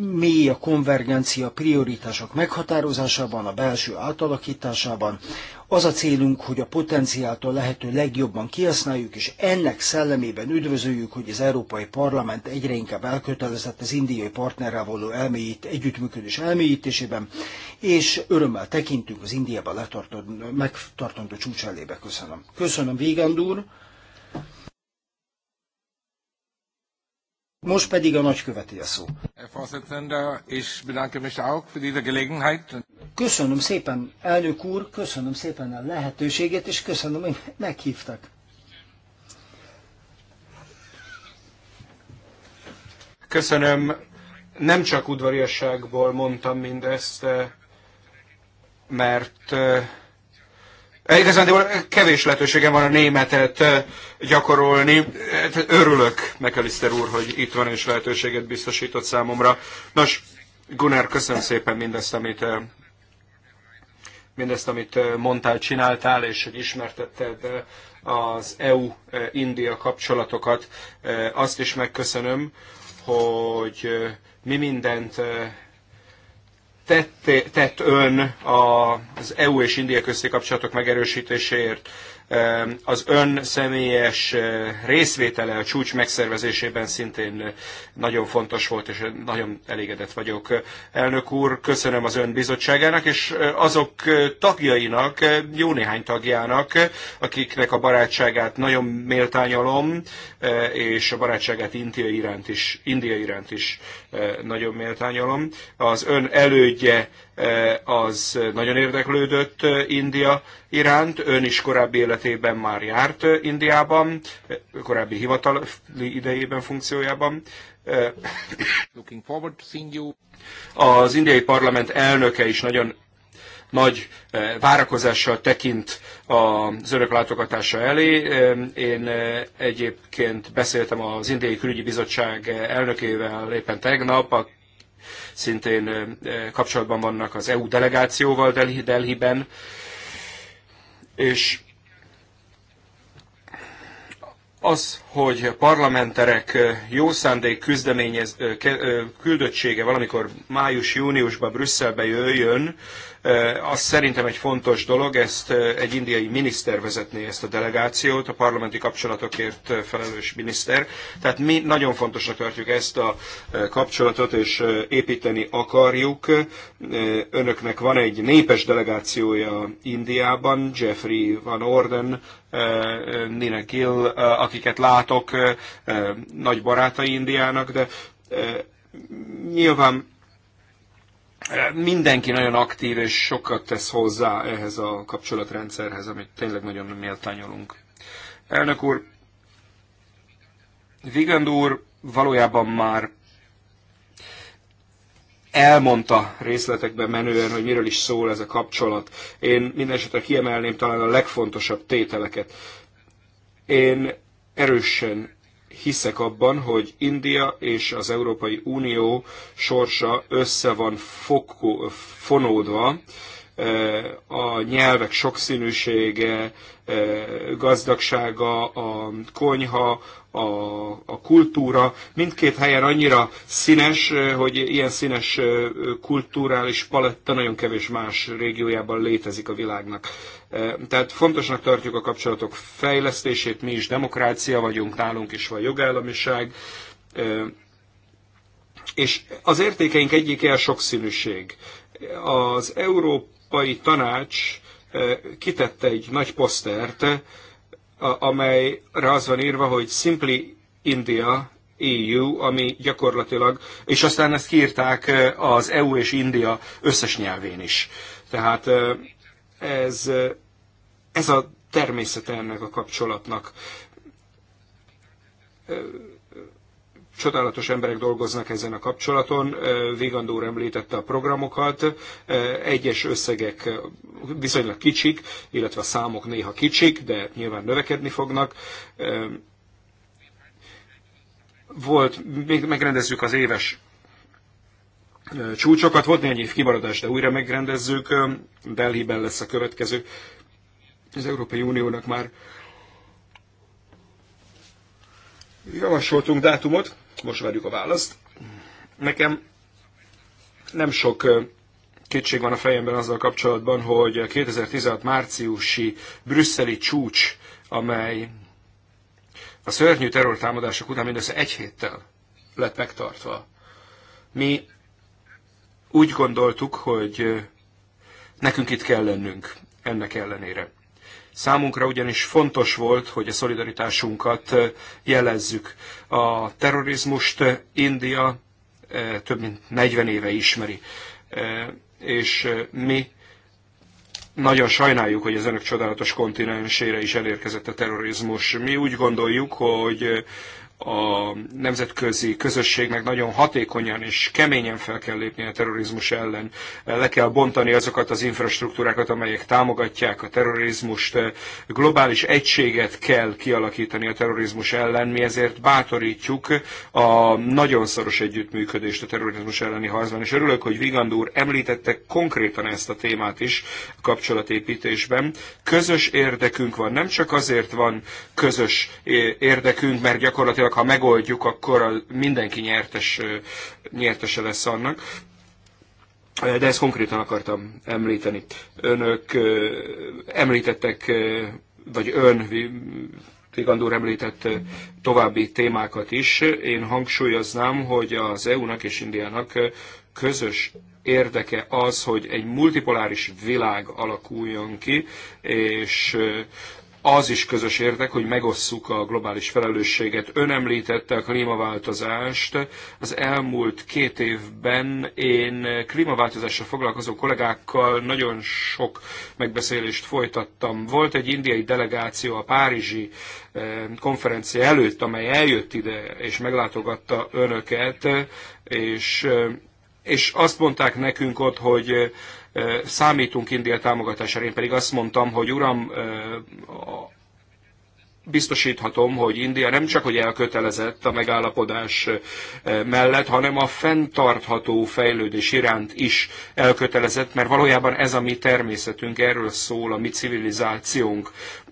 mély a konvergencia prioritások meghatározásában, a belső átalakításában. Az a célunk, hogy a potenciáltól lehető legjobban kihasználjuk, és ennek szellemében üdvözöljük, hogy az Európai Parlament egyre inkább elkötelezett az indiai partnerrel való elmélyít, együttműködés elmélyítésében, és örömmel tekintünk az Indiában megtartandó csúcs elébe. Köszönöm. Köszönöm, Vigand úr! Most pedig a nagyköveti a szó. Köszönöm szépen, elnök úr, köszönöm szépen a lehetőséget, és köszönöm, hogy meghívtak. Köszönöm, nem csak udvariasságból mondtam mindezt, mert E, Igazán kevés lehetőségem van a németet e, gyakorolni. E, örülök, McAllister úr, hogy itt van és lehetőséget biztosított számomra. Nos, Gunnar, köszönöm szépen mindezt, amit mindezt, amit mondtál, csináltál, és hogy ismertetted az EU-India kapcsolatokat. Azt is megköszönöm, hogy mi mindent tett, tett ön az EU és India közti kapcsolatok megerősítéséért? Az ön személyes eh, részvétele a csúcs megszervezésében szintén nagyon fontos volt, és nagyon elégedett vagyok. Elnök úr, köszönöm az ön bizottságának, és eh, azok eh, tagjainak, jó néhány tagjának, akiknek a barátságát nagyon méltányolom, és a barátságát India iránt is, India iránt is nagyobb méltányolom. Az ön elődje az nagyon érdeklődött India iránt, ön is korábbi életében már járt Indiában, korábbi hivatali idejében, funkciójában. Az indiai parlament elnöke is nagyon nagy eh, várakozással tekint az önök látogatása elé. Eh, én eh, egyébként beszéltem az Indiai Külügyi Bizottság elnökével éppen tegnap, a szintén kapcsolatban vannak az EU delegációval Delhi, ben és az, hogy parlamenterek jó szándék küldöttsége valamikor május-júniusban Brüsszelbe jöjjön, az szerintem egy fontos dolog, ezt egy indiai miniszter vezetné ezt a delegációt, a parlamenti kapcsolatokért felelős miniszter. Tehát mi nagyon fontosnak tartjuk ezt a kapcsolatot, és építeni akarjuk. Önöknek van egy népes delegációja Indiában, Jeffrey Van Orden, Nina Gill, akiket látok, nagy barátai Indiának, de nyilván mindenki nagyon aktív, és sokat tesz hozzá ehhez a kapcsolatrendszerhez, amit tényleg nagyon méltányolunk. Elnök úr, Vigand úr valójában már elmondta részletekben menően, hogy miről is szól ez a kapcsolat. Én minden esetre kiemelném talán a legfontosabb tételeket. Én erősen hiszek abban, hogy India és az Európai Unió sorsa össze van fokó, fonódva, a nyelvek sokszínűsége, gazdagsága, a konyha, a, a kultúra. Mindkét helyen annyira színes, hogy ilyen színes kulturális paletta nagyon kevés más régiójában létezik a világnak. Tehát fontosnak tartjuk a kapcsolatok fejlesztését, mi is demokrácia vagyunk, nálunk is van jogállamiság, és az értékeink egyike a sokszínűség. Az Európa Európai Tanács eh, kitette egy nagy posztert, eh, amelyre az van írva, hogy Simply India EU, ami gyakorlatilag, és aztán ezt kiírták eh, az EU és India összes nyelvén is. Tehát ez, ez a természete ennek a kapcsolatnak. Csodálatos emberek dolgoznak ezen a kapcsolaton. Vigand említette a programokat. Egyes összegek viszonylag kicsik, illetve a számok néha kicsik, de nyilván növekedni fognak volt, még megrendezzük az éves csúcsokat, volt néhány év kimaradás, de újra megrendezzük, Delhi-ben lesz a következő. Az Európai Uniónak már javasoltunk dátumot, most várjuk a választ. Nekem nem sok kétség van a fejemben azzal kapcsolatban, hogy a 2016 márciusi brüsszeli csúcs, amely a szörnyű terrortámadások után mindössze egy héttel lett megtartva. Mi úgy gondoltuk, hogy nekünk itt kell lennünk ennek ellenére. Számunkra ugyanis fontos volt, hogy a szolidaritásunkat jelezzük. A terrorizmust India több mint 40 éve ismeri, és mi nagyon sajnáljuk, hogy az önök csodálatos kontinensére is elérkezett a terrorizmus. Mi úgy gondoljuk, hogy a nemzetközi közösségnek nagyon hatékonyan és keményen fel kell lépni a terrorizmus ellen. Le kell bontani azokat az infrastruktúrákat, amelyek támogatják a terrorizmust. Globális egységet kell kialakítani a terrorizmus ellen. Mi ezért bátorítjuk a nagyon szoros együttműködést a terrorizmus elleni harcban. És örülök, hogy Vigand úr említette konkrétan ezt a témát is kapcsolatépítésben. Közös érdekünk van, nem csak azért van közös érdekünk, mert gyakorlatilag problémának, ha megoldjuk, akkor mindenki nyertes, nyertese lesz annak. De ezt konkrétan akartam említeni. Önök említettek, vagy ön, Tigandúr említett további témákat is. Én hangsúlyoznám, hogy az EU-nak és Indiának közös érdeke az, hogy egy multipoláris világ alakuljon ki, és az is közös érdek, hogy megosszuk a globális felelősséget. Ön említette a klímaváltozást. Az elmúlt két évben én klímaváltozással foglalkozó kollégákkal nagyon sok megbeszélést folytattam. Volt egy indiai delegáció a Párizsi eh, konferencia előtt, amely eljött ide és meglátogatta önöket, és, eh, és azt mondták nekünk ott, hogy számítunk India támogatására. Én pedig azt mondtam, hogy uram, biztosíthatom, hogy India nem csak hogy elkötelezett a megállapodás mellett, hanem a fenntartható fejlődés iránt is elkötelezett, mert valójában ez a mi természetünk, erről szól a mi civilizációnk.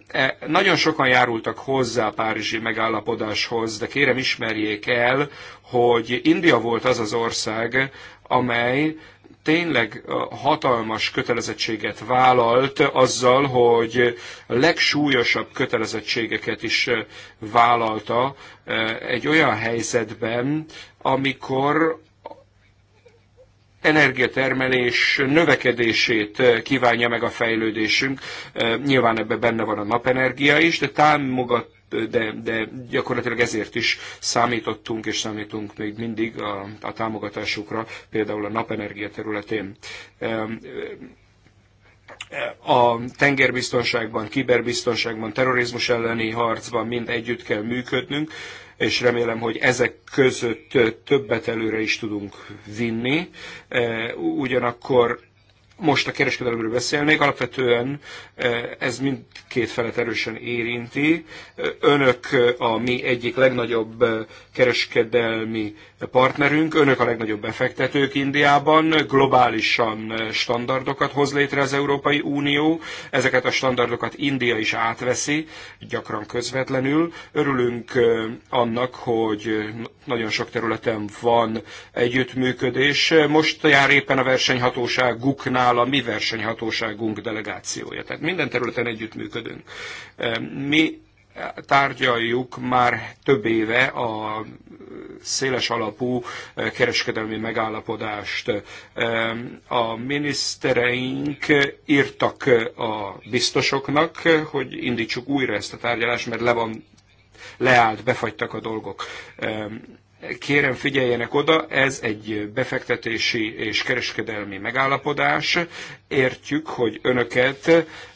E, nagyon sokan járultak hozzá a Párizsi megállapodáshoz, de kérem ismerjék el, hogy India volt az az ország, amely tényleg hatalmas kötelezettséget vállalt azzal, hogy a legsúlyosabb kötelezettségeket is eh, vállalta eh, egy olyan helyzetben, amikor energiatermelés növekedését eh, kívánja meg a fejlődésünk. Nyilván ebben benne van a napenergia is, de támogat de, de gyakorlatilag ezért is számítottunk és számítunk még mindig a, a támogatásukra, például a napenergia területén a tengerbiztonságban, kiberbiztonságban, terrorizmus elleni harcban mind együtt kell működnünk, és remélem, hogy ezek között többet előre is tudunk vinni. Ugyanakkor most a kereskedelemről beszélnék, alapvetően eh, ez mindkét felet erősen érinti. Eh, önök eh, a mi egyik legnagyobb kereskedelmi partnerünk, önök a legnagyobb befektetők Indiában, globálisan standardokat hoz létre az Európai Unió, ezeket a standardokat India is átveszi, gyakran közvetlenül. Örülünk annak, hogy nagyon sok területen van együttműködés. Most jár éppen a versenyhatóság versenyhatóságuknál áll a mi versenyhatóságunk delegációja. Tehát minden területen együttműködünk. Mi tárgyaljuk már több éve a széles alapú kereskedelmi megállapodást. A minisztereink írtak a biztosoknak, hogy indítsuk újra ezt a tárgyalást, mert le van leállt, befagytak a dolgok kérem figyeljenek oda, ez egy befektetési és kereskedelmi megállapodás. Értjük, hogy önöket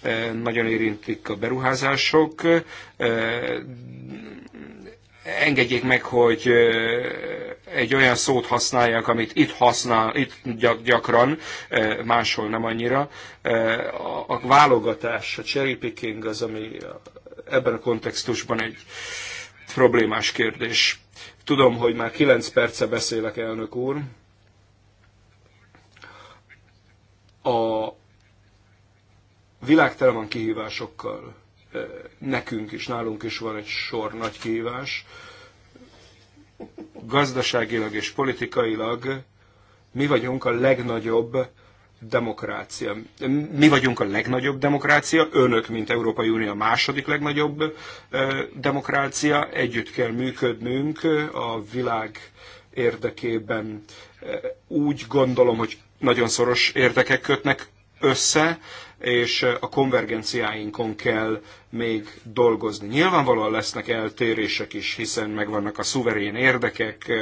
eh, nagyon érintik a beruházások. Eh, engedjék meg, hogy eh, egy olyan szót használjak, amit itt használ, itt gyakran, máshol nem annyira. A válogatás, a cherry picking az, ami ebben a kontextusban egy problémás kérdés Tudom, hogy már 9 perce beszélek, elnök úr. A világ tele van kihívásokkal. Eh, nekünk is, nálunk is van egy sor nagy kihívás. Gazdaságilag és politikailag mi vagyunk a legnagyobb demokrácia. Mi vagyunk a legnagyobb demokrácia, önök, mint Európai Unió a második legnagyobb eh, demokrácia, együtt kell működnünk eh, a világ érdekében. Eh, úgy gondolom, hogy nagyon szoros érdekek kötnek össze, és a konvergenciáinkon kell még dolgozni. Nyilvánvalóan lesznek eltérések is, hiszen megvannak a szuverén érdekek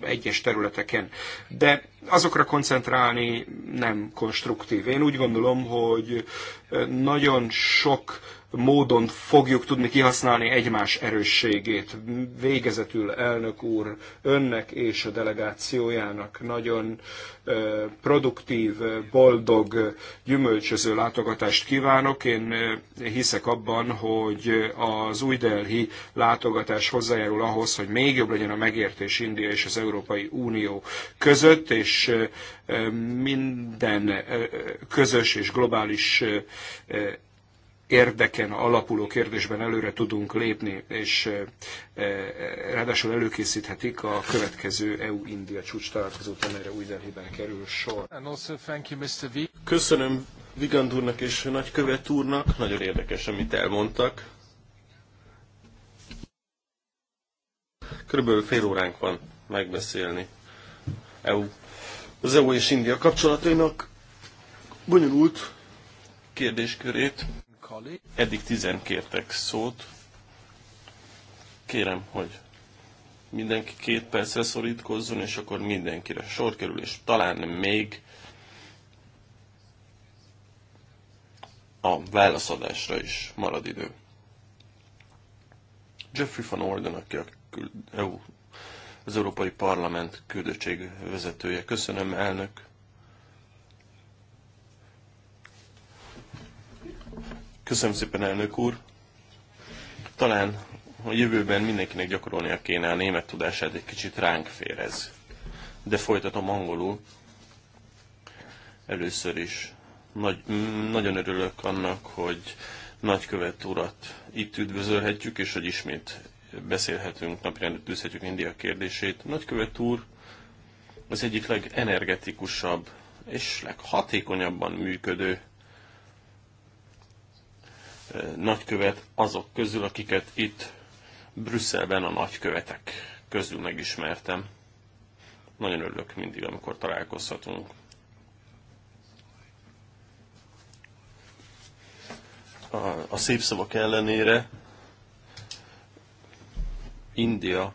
egyes területeken, de azokra koncentrálni nem konstruktív. Én úgy gondolom, hogy nagyon sok módon fogjuk tudni kihasználni egymás erősségét. Végezetül elnök úr önnek és a delegációjának nagyon produktív, boldog, gyümölcsöző látogatást kívánok. Én hiszek abban, hogy az új Delhi látogatás hozzájárul ahhoz, hogy még jobb legyen a megértés India és az Európai Unió között, és minden közös és globális érdeken alapuló kérdésben előre tudunk lépni, és eh, eh, ráadásul előkészíthetik a következő EU-India csúcs találkozót, amelyre új Delhiben kerül sor. Köszönöm Vigand úrnak és nagykövet úrnak, nagyon érdekes, amit elmondtak. Körülbelül fél óránk van megbeszélni EU, az EU és India kapcsolatainak bonyolult kérdéskörét. Eddig tizen kértek szót. Kérem, hogy mindenki két percre szorítkozzon, és akkor mindenkire sor kerül, és talán még a válaszadásra is marad idő. Jeffrey van Orden, aki a EU, az Európai Parlament küldöttség vezetője. Köszönöm, elnök Köszönöm szépen, elnök úr. Talán a jövőben mindenkinek gyakorolnia kéne a német tudását, egy kicsit ránk férez. De folytatom angolul. Először is nagy, nagyon örülök annak, hogy nagykövet urat itt üdvözölhetjük, és hogy ismét beszélhetünk, napirendre tűzhetjük India kérdését. Nagykövet úr az egyik legenergetikusabb és leghatékonyabban működő nagykövet azok közül, akiket itt Brüsszelben a nagykövetek közül megismertem. Nagyon örülök mindig, amikor találkozhatunk. A, a szép szavak ellenére India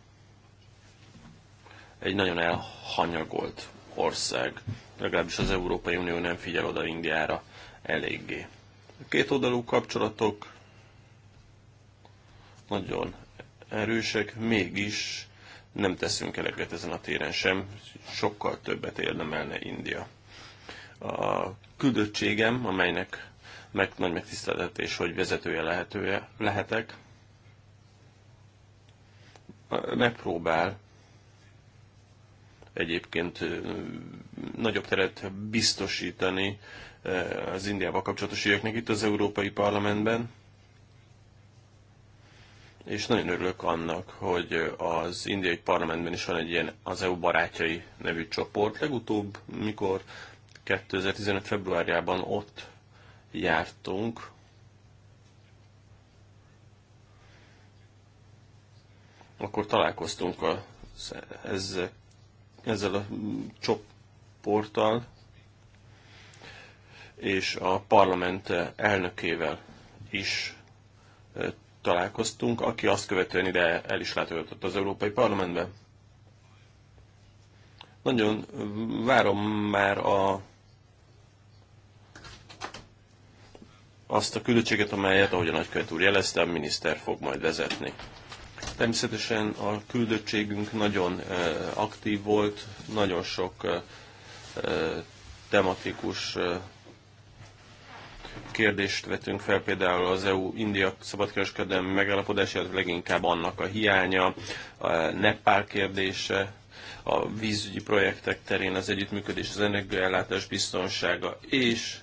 egy nagyon elhanyagolt ország. Legalábbis az Európai Unió nem figyel oda Indiára eléggé. A oldalú kapcsolatok nagyon erősek, mégis nem teszünk eleget ezen a téren sem, sokkal többet érdemelne India. A küldöttségem, amelynek meg nagy megtiszteltetés, hogy vezetője lehetője, lehetek, megpróbál egyébként nagyobb teret biztosítani Eh, az Indiával kapcsolatos ügyeknek itt az Európai Parlamentben. És nagyon örülök annak, hogy az indiai parlamentben is van egy ilyen az EU barátjai nevű csoport. Legutóbb, mikor 2015. februárjában ott jártunk, akkor találkoztunk a, ezzel, ezzel a csoporttal, és a parlament elnökével is találkoztunk, aki azt követően ide el is látogatott az Európai Parlamentbe. Nagyon várom már a azt a küldöttséget, amelyet, ahogy a nagykövet úr jelezte, a miniszter fog majd vezetni. Természetesen a küldöttségünk nagyon aktív volt, nagyon sok tematikus kérdést vetünk fel, például az EU-India szabadkereskedelmi megállapodás, illetve leginkább annak a hiánya, a Nepál kérdése, a vízügyi projektek terén az együttműködés, az energiaellátás biztonsága és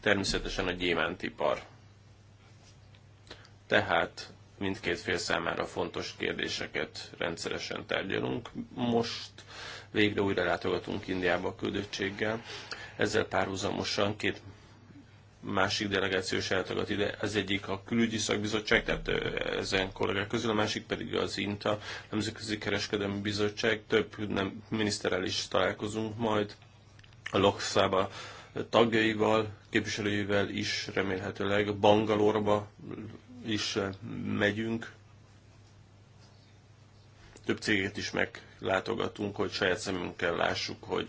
természetesen a gyémántipar. Tehát mindkét fél számára fontos kérdéseket rendszeresen tárgyalunk. Most végre újra látogatunk Indiába a küldöttséggel. Ezzel párhuzamosan két másik delegáció is eltagadt ide. Ez egyik a külügyi szakbizottság, tehát ezen kollégák közül, a másik pedig az INTA, Nemzetközi Kereskedelmi Bizottság. Több nem, miniszterrel is találkozunk majd a Lokszába tagjaival, képviselőivel is remélhetőleg. Bangalorba is megyünk. Több céget is meglátogatunk, hogy saját szemünkkel lássuk, hogy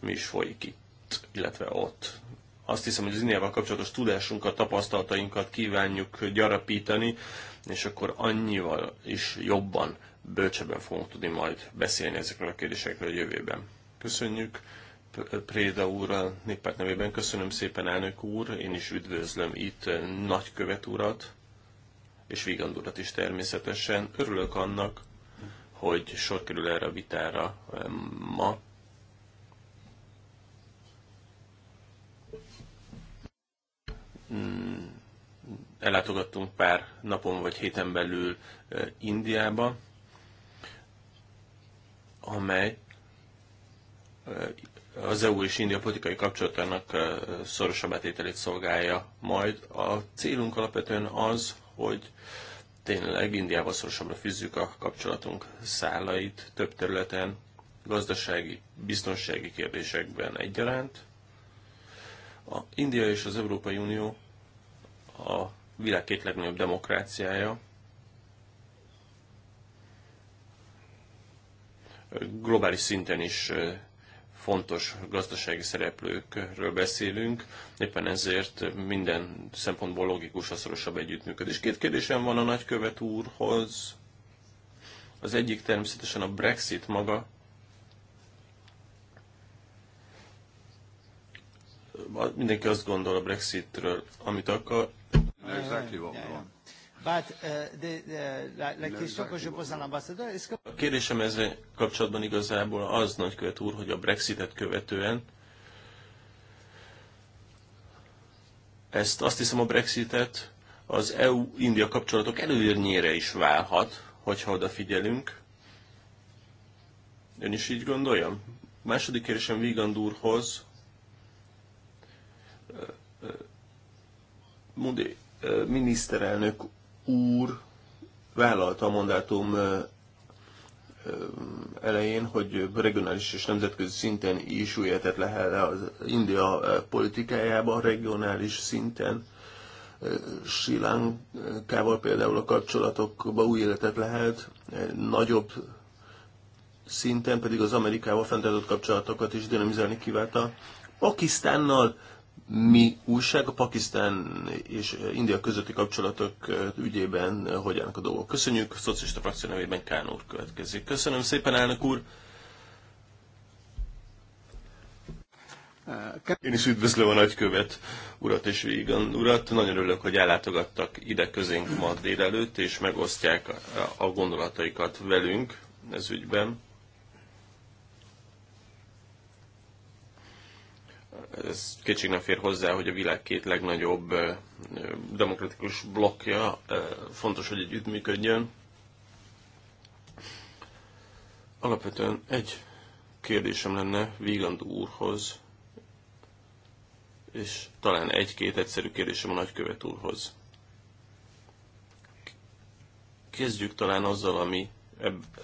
mi is folyik itt itt, illetve ott. Azt hiszem, hogy az Indiával kapcsolatos tudásunkat, tapasztalatainkat kívánjuk gyarapítani, és akkor annyival is jobban, bölcsebben fogunk tudni majd beszélni ezekről a kérdésekről a jövőben. Köszönjük! Préda úr a néppárt nevében. Köszönöm szépen, elnök úr. Én is üdvözlöm itt nagykövet urat, és Vigand urat is természetesen. Örülök annak, hogy sor kerül erre a vitára eh, ma. Mm, ellátogattunk pár napon vagy héten belül Indiába, amely az EU és India politikai kapcsolatának szorosabb átételét szolgálja majd. A célunk alapvetően az, hogy tényleg Indiával szorosabbra fűzzük a kapcsolatunk szálait több területen, gazdasági, biztonsági kérdésekben egyaránt, a India és az Európai Unió a világ két legnagyobb demokráciája. Globális szinten is fontos gazdasági szereplőkről beszélünk, éppen ezért minden szempontból logikus a szorosabb együttműködés. Két kérdésem van a nagykövet úrhoz. Az egyik természetesen a Brexit maga, mindenki azt gondol a Brexitről, amit akar. Uh, a kérdésem ezzel kapcsolatban igazából az, nagykövet úr, hogy a Brexitet követően ezt azt hiszem a Brexitet az EU-India kapcsolatok előnyére is válhat, hogyha odafigyelünk. Ön is így gondolja? A második kérdésem Vigand úrhoz, mondi, miniszterelnök úr vállalta a mandátum elején, hogy regionális és nemzetközi szinten is új lehet az India politikájába, regionális szinten Sri Lankával például a kapcsolatokba új életet lehet, nagyobb szinten pedig az Amerikával fenntartott kapcsolatokat is dinamizálni kívánta. Pakisztánnal mi újság a Pakisztán és India közötti kapcsolatok ügyében, hogy állnak a dolgok. Köszönjük, a szocialista frakció nevében Kán úr következik. Köszönöm szépen, elnök úr! Én is üdvözlöm a nagykövet urat és Vígan urat. Nagyon örülök, hogy ellátogattak ide közénk ma délelőtt, és megosztják a gondolataikat velünk ez ügyben. ez kétség nem fér hozzá, hogy a világ két legnagyobb demokratikus blokja fontos, hogy együttműködjön. Alapvetően egy kérdésem lenne Vigand úrhoz, és talán egy-két egyszerű kérdésem a nagykövet úrhoz. Kezdjük talán azzal, ami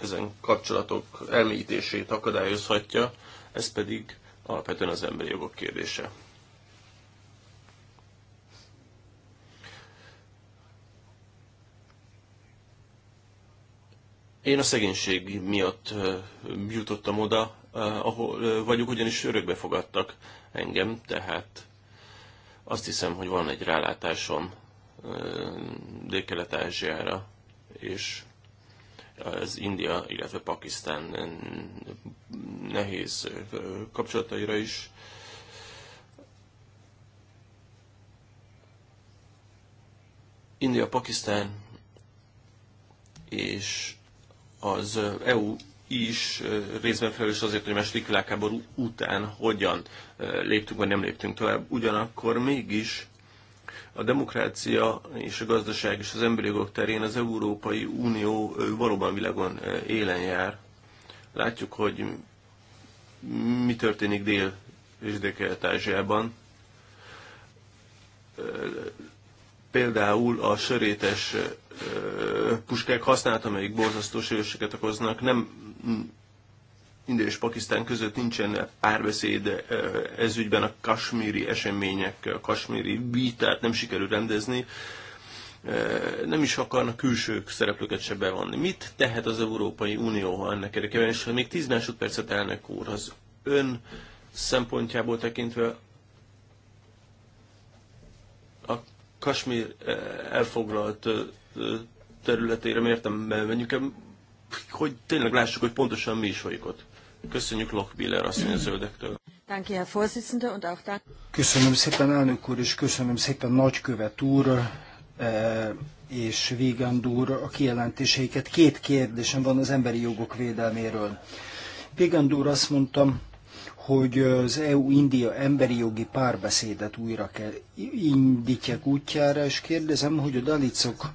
ezen kapcsolatok elmélyítését akadályozhatja, ez pedig alapvetően az emberi jogok kérdése. Én a szegénység miatt jutottam oda, ahol vagyok, ugyanis örökbe fogadtak engem, tehát azt hiszem, hogy van egy rálátásom dél ázsiára és az India, illetve Pakisztán nehéz kapcsolataira is. India, Pakisztán és az EU is részben felelős azért, hogy a második világháború után hogyan léptünk vagy nem léptünk tovább. Ugyanakkor mégis a demokrácia és a gazdaság és az emberi jogok terén az Európai Unió valóban világon élen jár. Látjuk, hogy mi történik Dél- és dél ázsiában Például a sörétes puskák használata, amelyik borzasztó sérüléseket okoznak, nem India és Pakisztán között nincsen párbeszéd ez ügyben a kasmíri események, a kasmíri vitát nem sikerül rendezni, nem is akarnak külső szereplőket se bevonni. Mit tehet az Európai Unió ha ennek érdekében? És ha még 10 másodpercet elnök úr, az ön szempontjából tekintve a Kasmír elfoglalt területére miért nem menjük hogy tényleg lássuk, hogy pontosan mi is folyik ott. Köszönjük Lochbiller asszony a zöldektől. Köszönöm szépen elnök úr, és köszönöm szépen nagykövet úr e, és Vigand úr a kijelentéseiket. Két kérdésem van az emberi jogok védelméről. Vigand úr azt mondtam, hogy az EU-India emberi jogi párbeszédet újra kell indítják útjára, és kérdezem, hogy a dalicok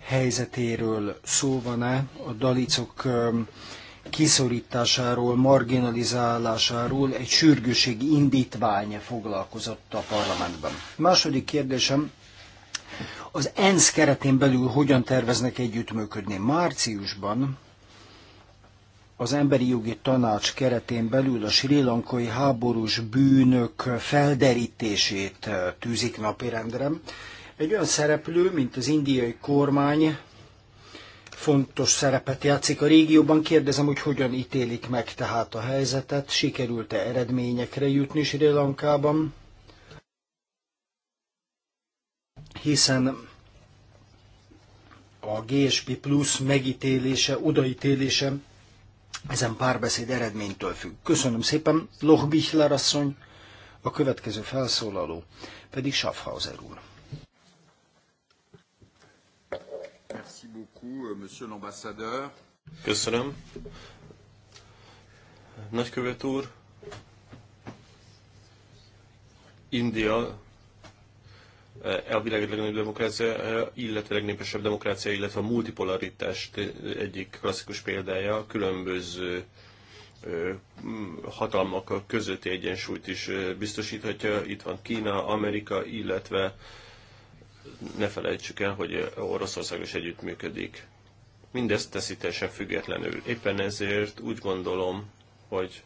helyzetéről szó van-e, a dalicok kiszorításáról, marginalizálásáról egy sürgőségi indítvány foglalkozott a parlamentben. Második kérdésem, az ENSZ keretén belül hogyan terveznek együttműködni? Márciusban az Emberi Jogi Tanács keretén belül a sri lankai háborús bűnök felderítését tűzik napirendre. Egy olyan szereplő, mint az indiai kormány fontos szerepet játszik a régióban. Kérdezem, hogy hogyan ítélik meg tehát a helyzetet, sikerült-e eredményekre jutni Sri Lankában, hiszen a GSP Plus megítélése, odaítélése ezen párbeszéd eredménytől függ. Köszönöm szépen, Loch Bichler asszony, a következő felszólaló pedig Schaffhauser úr. beaucoup, euh, monsieur l'ambassadeur. Köszönöm. Nagykövet úr, India eh, a világ legnagyobb demokrácia, eh, illetve legnépesebb demokrácia, illetve a multipolaritás egyik klasszikus példája, a különböző eh, hatalmak közötti egyensúlyt is biztosíthatja. Itt van Kína, Amerika, illetve ne felejtsük el, hogy Oroszország is együttműködik. Mindezt teszi teljesen függetlenül. Éppen ezért úgy gondolom, hogy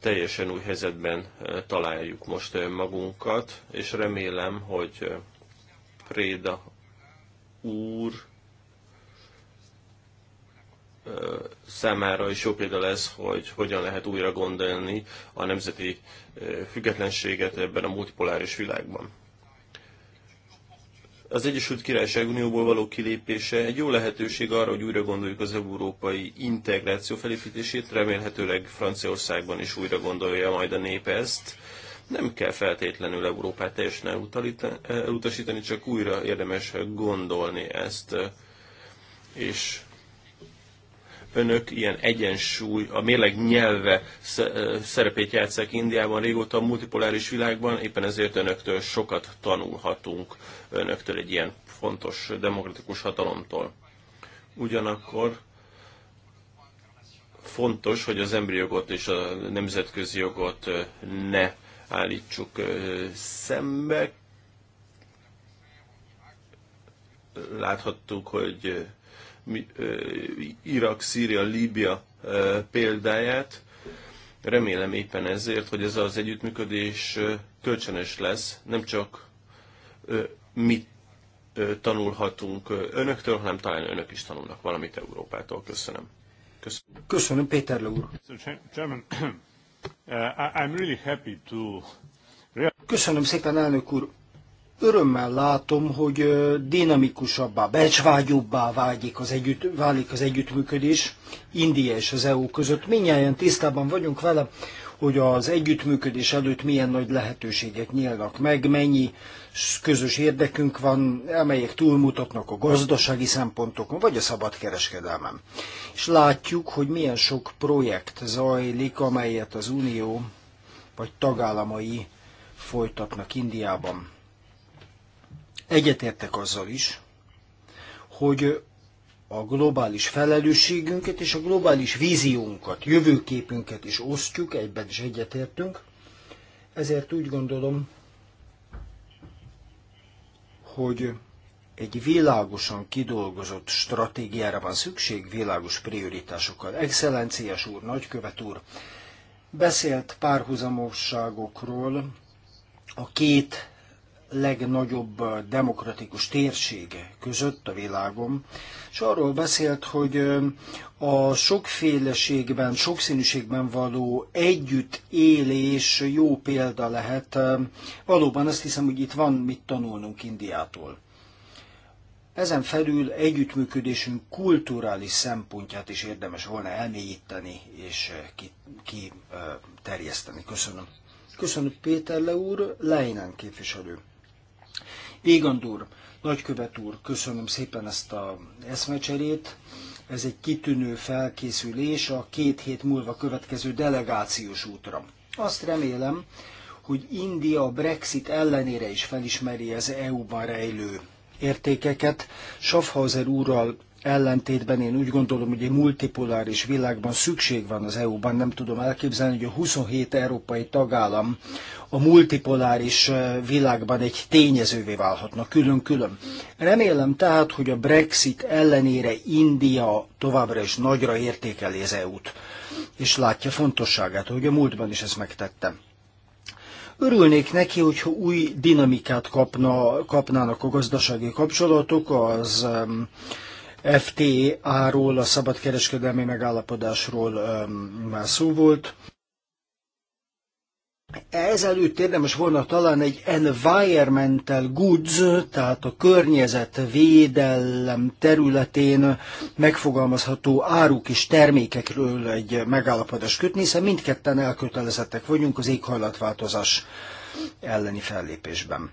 teljesen új helyzetben eh, találjuk most eh, magunkat, és remélem, hogy eh, Préda úr számára is jó példa lesz, hogy hogyan lehet újra gondolni a nemzeti függetlenséget ebben a multipoláris világban az Egyesült Királyság Unióból való kilépése egy jó lehetőség arra, hogy újra gondoljuk az európai integráció felépítését, remélhetőleg Franciaországban is újra gondolja majd a nép ezt. Nem kell feltétlenül Európát teljesen elutasítani, csak újra érdemes gondolni ezt, és önök ilyen egyensúly, a mérleg nyelve szerepét játszák Indiában régóta a multipoláris világban, éppen ezért önöktől sokat tanulhatunk önöktől egy ilyen fontos demokratikus hatalomtól. Ugyanakkor fontos, hogy az emberi jogot és a nemzetközi jogot ne állítsuk szembe. Láthattuk, hogy Irak, Szíria, Líbia példáját. Remélem éppen ezért, hogy ez az együttműködés kölcsönös lesz, nem csak mit tanulhatunk önöktől, hanem talán önök is tanulnak valamit Európától. Köszönöm. Köszönöm, Köszönöm Péter úr. Köszönöm szépen, elnök úr örömmel látom, hogy dinamikusabbá, becsvágyóbbá vágyik az együtt, válik az együttműködés India és az EU között. Minnyáján tisztában vagyunk vele, hogy az együttműködés előtt milyen nagy lehetőségek nyílnak meg, mennyi közös érdekünk van, amelyek túlmutatnak a gazdasági szempontokon, vagy a szabadkereskedelmen. És látjuk, hogy milyen sok projekt zajlik, amelyet az Unió vagy tagállamai folytatnak Indiában. Egyetértek azzal is, hogy a globális felelősségünket és a globális víziónkat, jövőképünket is osztjuk, egyben is egyetértünk. Ezért úgy gondolom, hogy egy világosan kidolgozott stratégiára van szükség, világos prioritásokkal. Excellenciás úr, nagykövet úr, beszélt párhuzamosságokról a két legnagyobb demokratikus térsége között a világon, és arról beszélt, hogy a sokféleségben, sokszínűségben való együttélés jó példa lehet. Valóban azt hiszem, hogy itt van mit tanulnunk Indiától. Ezen felül együttműködésünk kulturális szempontját is érdemes volna elmélyíteni és kiterjeszteni. Ki, Köszönöm. Köszönöm Péter Leúr, úr, Leinen képviselő. Égandúr, nagykövet úr, köszönöm szépen ezt a eszmecserét. Ez egy kitűnő felkészülés a két hét múlva következő delegációs útra. Azt remélem, hogy India a Brexit ellenére is felismeri az EU-ban rejlő értékeket. Schaffhauser úrral ellentétben én úgy gondolom, hogy egy multipoláris világban szükség van az EU-ban. Nem tudom elképzelni, hogy a 27 európai tagállam a multipoláris világban egy tényezővé válhatna külön-külön. Remélem tehát, hogy a Brexit ellenére India továbbra is nagyra értékeli az EU-t, és látja fontosságát, hogy a múltban is ezt megtettem. Örülnék neki, hogyha új dinamikát kapna, kapnának a gazdasági kapcsolatok, az FTA-ról, a szabadkereskedelmi megállapodásról már szó volt. Ezelőtt érdemes volna talán egy environmental goods, tehát a környezetvédelem területén megfogalmazható áruk és termékekről egy megállapodást kötni, hiszen mindketten elkötelezettek vagyunk az éghajlatváltozás elleni fellépésben.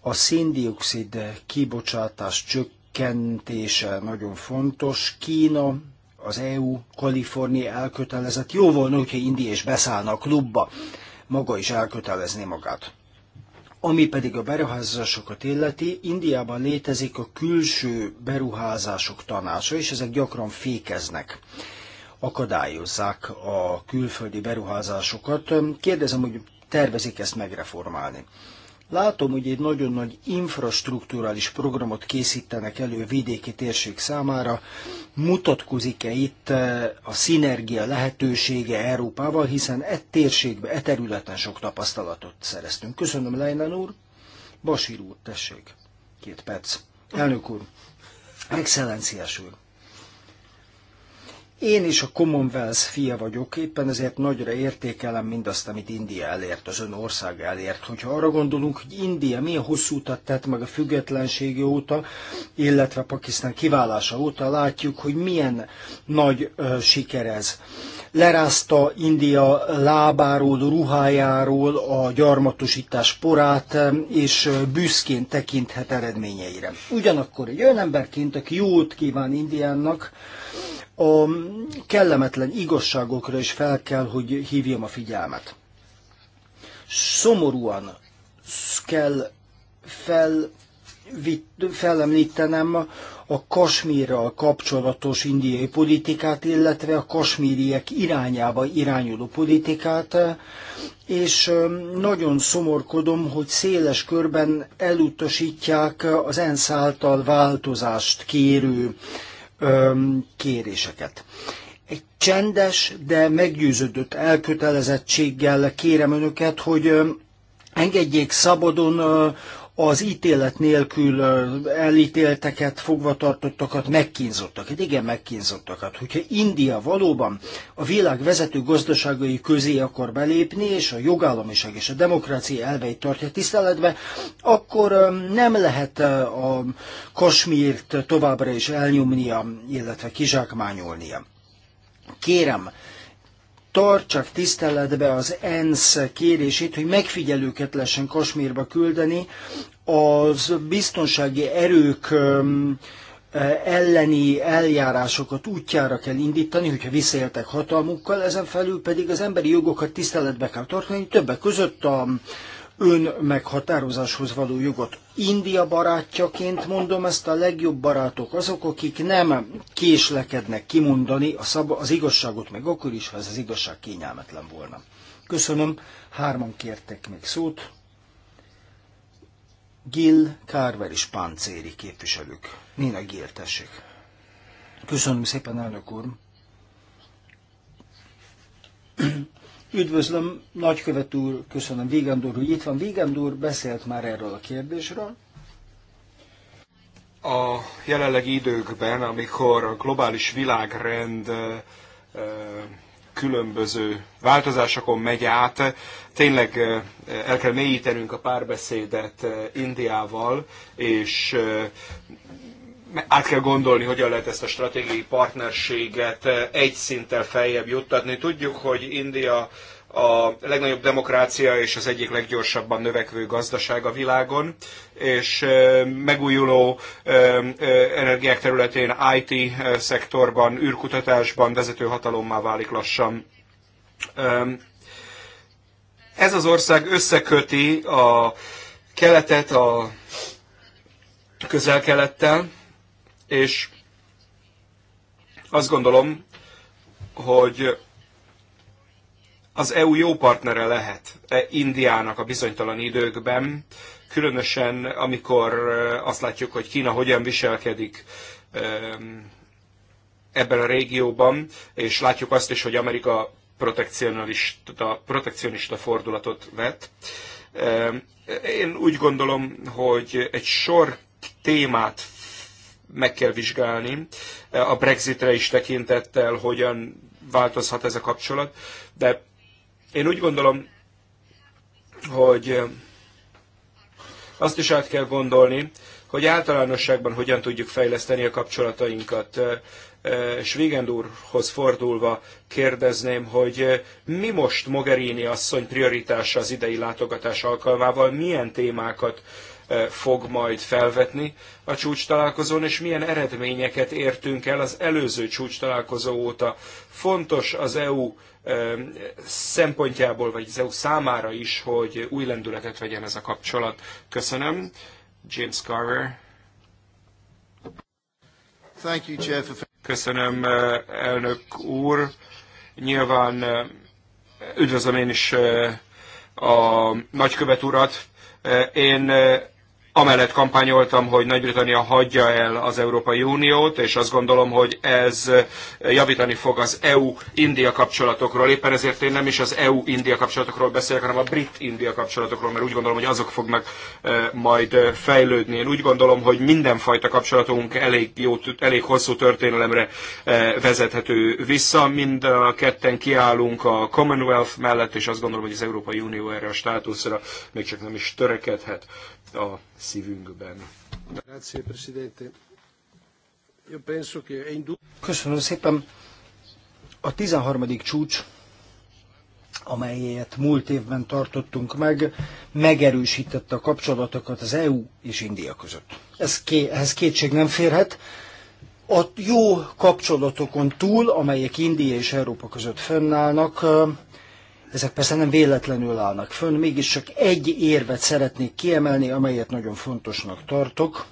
A széndiokszid kibocsátás csökkentése csökkentése nagyon fontos. Kína, az EU, Kalifornia elkötelezett. Jó volna, hogyha India is beszállna a klubba, maga is elkötelezné magát. Ami pedig a beruházásokat illeti, Indiában létezik a külső beruházások tanácsa, és ezek gyakran fékeznek, akadályozzák a külföldi beruházásokat. Kérdezem, hogy tervezik ezt megreformálni. Látom, hogy egy nagyon nagy infrastruktúrális programot készítenek elő vidéki térség számára. Mutatkozik-e itt eh, a szinergia lehetősége Európával, hiszen e térségbe, e területen sok tapasztalatot szereztünk. Köszönöm, Leinen úr. Basír úr, tessék. Két perc. Elnök úr, excellenciás úr. Én is a Commonwealth fia vagyok, éppen ezért nagyra értékelem mindazt, amit India elért, az ön ország elért. Hogyha arra gondolunk, hogy India milyen hosszú utat tett meg a függetlensége óta, illetve Pakisztán kiválása óta, látjuk, hogy milyen nagy ö, siker ez. Lerázta India lábáról, ruhájáról a gyarmatosítás porát, és büszkén tekinthet eredményeire. Ugyanakkor egy olyan emberként, aki jót kíván Indiának, a kellemetlen igazságokra is fel kell, hogy hívjam a figyelmet. Szomorúan kell fel, felemlítenem a Kasmírral kapcsolatos indiai politikát, illetve a kasmíriek irányába irányuló politikát, és nagyon szomorkodom, hogy széles körben elutasítják az ENSZ által változást kérő öm, kéréseket. Egy csendes, de meggyőződött elkötelezettséggel kérem önöket, hogy engedjék szabadon az ítélet nélkül elítélteket, fogvatartottakat, megkínzottakat, hát igen, megkínzottakat. Hogyha India valóban a világ vezető gazdaságai közé akar belépni, és a jogállamiság és a demokrácia elveit tartja tiszteletbe, akkor nem lehet a Kasmírt továbbra is elnyomnia, illetve kizsákmányolnia. Kérem, tartsák tiszteletbe az ENSZ kérését, hogy megfigyelőket lehessen Kasmírba küldeni, az biztonsági erők elleni eljárásokat útjára kell indítani, hogyha visszaéltek hatalmukkal, ezen felül pedig az emberi jogokat tiszteletbe kell tartani, többek között a önmeghatározáshoz meghatározáshoz való jogot. India barátjaként mondom ezt a legjobb barátok azok, akik nem késlekednek kimondani a szab- az igazságot, meg akkor is, ha ez az igazság kényelmetlen volna. Köszönöm, hárman kértek még szót. Gill, Carver és Páncéri képviselők. Nina Gil, tessék. Köszönöm szépen, elnök úr. Üdvözlöm, nagykövet úr, köszönöm Vigandor, hogy itt van. Vigandor beszélt már erről a kérdésről. A jelenlegi időkben, amikor a globális világrend különböző változásokon megy át. Tényleg el kell mélyítenünk a párbeszédet Indiával, és át kell gondolni, hogyan lehet ezt a stratégiai partnerséget eh, egy szinttel feljebb juttatni. Tudjuk, hogy India a legnagyobb demokrácia és az egyik leggyorsabban növekvő gazdaság a világon, és eh, megújuló eh, energiák területén, IT szektorban, űrkutatásban vezető hatalommá válik lassan. Ez az ország összeköti a keletet a közel-kelettel, és azt gondolom, hogy az EU jó partnere lehet e Indiának a bizonytalan időkben, különösen amikor azt látjuk, hogy Kína hogyan viselkedik ebben a régióban, és látjuk azt is, hogy Amerika protekcionista, protekcionista fordulatot vett. Én úgy gondolom, hogy egy sor témát meg kell vizsgálni. A Brexitre is tekintettel hogyan változhat ez a kapcsolat, de én úgy gondolom, hogy azt is át kell gondolni, hogy általánosságban hogyan tudjuk fejleszteni a kapcsolatainkat. Svigend úrhoz fordulva kérdezném, hogy mi most Mogherini asszony prioritása az idei látogatás alkalmával, milyen témákat fog majd felvetni a csúcs találkozón, és milyen eredményeket értünk el az előző csúcs találkozó óta. Fontos az EU szempontjából, vagy az EU számára is, hogy új lendületet vegyen ez a kapcsolat. Köszönöm. James Carver. Thank you, Chair, for... Köszönöm, elnök úr. Nyilván üdvözlöm én is a nagykövet urat. Én amellett kampányoltam, hogy Nagy-Britannia hagyja el az Európai Uniót, és azt gondolom, hogy ez eh, javítani fog az EU-India kapcsolatokról. Éppen ezért én nem is az EU-India kapcsolatokról beszélek, hanem a brit-India kapcsolatokról, mert úgy gondolom, hogy azok fognak eh, majd eh, fejlődni. Én úgy gondolom, hogy mindenfajta kapcsolatunk elég, jó, elég hosszú történelemre vezethető vissza. Mind a ketten kiállunk a Commonwealth mellett, és azt gondolom, hogy az Európai Unió erre a státuszra még csak nem is törekedhet a szívünkben. Köszönöm szépen. A 13. csúcs, amelyet múlt évben tartottunk meg, megerősítette a kapcsolatokat az EU és India között. Ez ké, ehhez kétség nem férhet. A jó kapcsolatokon túl, amelyek India és Európa között fennállnak, ezek persze nem véletlenül állnak fönn, mégis csak egy érvet szeretnék kiemelni, amelyet nagyon fontosnak tartok.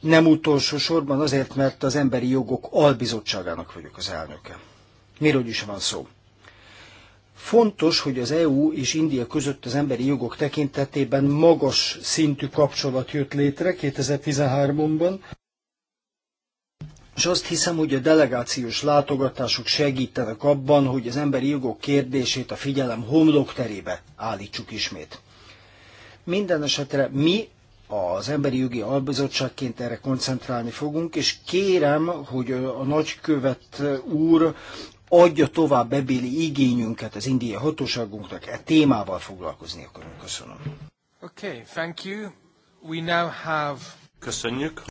Nem utolsó sorban azért, mert az Emberi Jogok Albizottságának vagyok az elnöke. Miről is van szó? Fontos, hogy az EU és India között az emberi jogok tekintetében magas szintű kapcsolat jött létre 2013-ban és azt hiszem, hogy a delegációs látogatások segítenek abban, hogy az emberi jogok kérdését a figyelem homlok terébe állítsuk ismét. Minden esetre mi az Emberi Jogi Albizottságként erre koncentrálni fogunk, és kérem, hogy a nagykövet úr adja tovább ebéli igényünket az indiai hatóságunknak, e témával foglalkozni akarunk. Köszönöm. Okay, thank you. We now have... Köszönjük.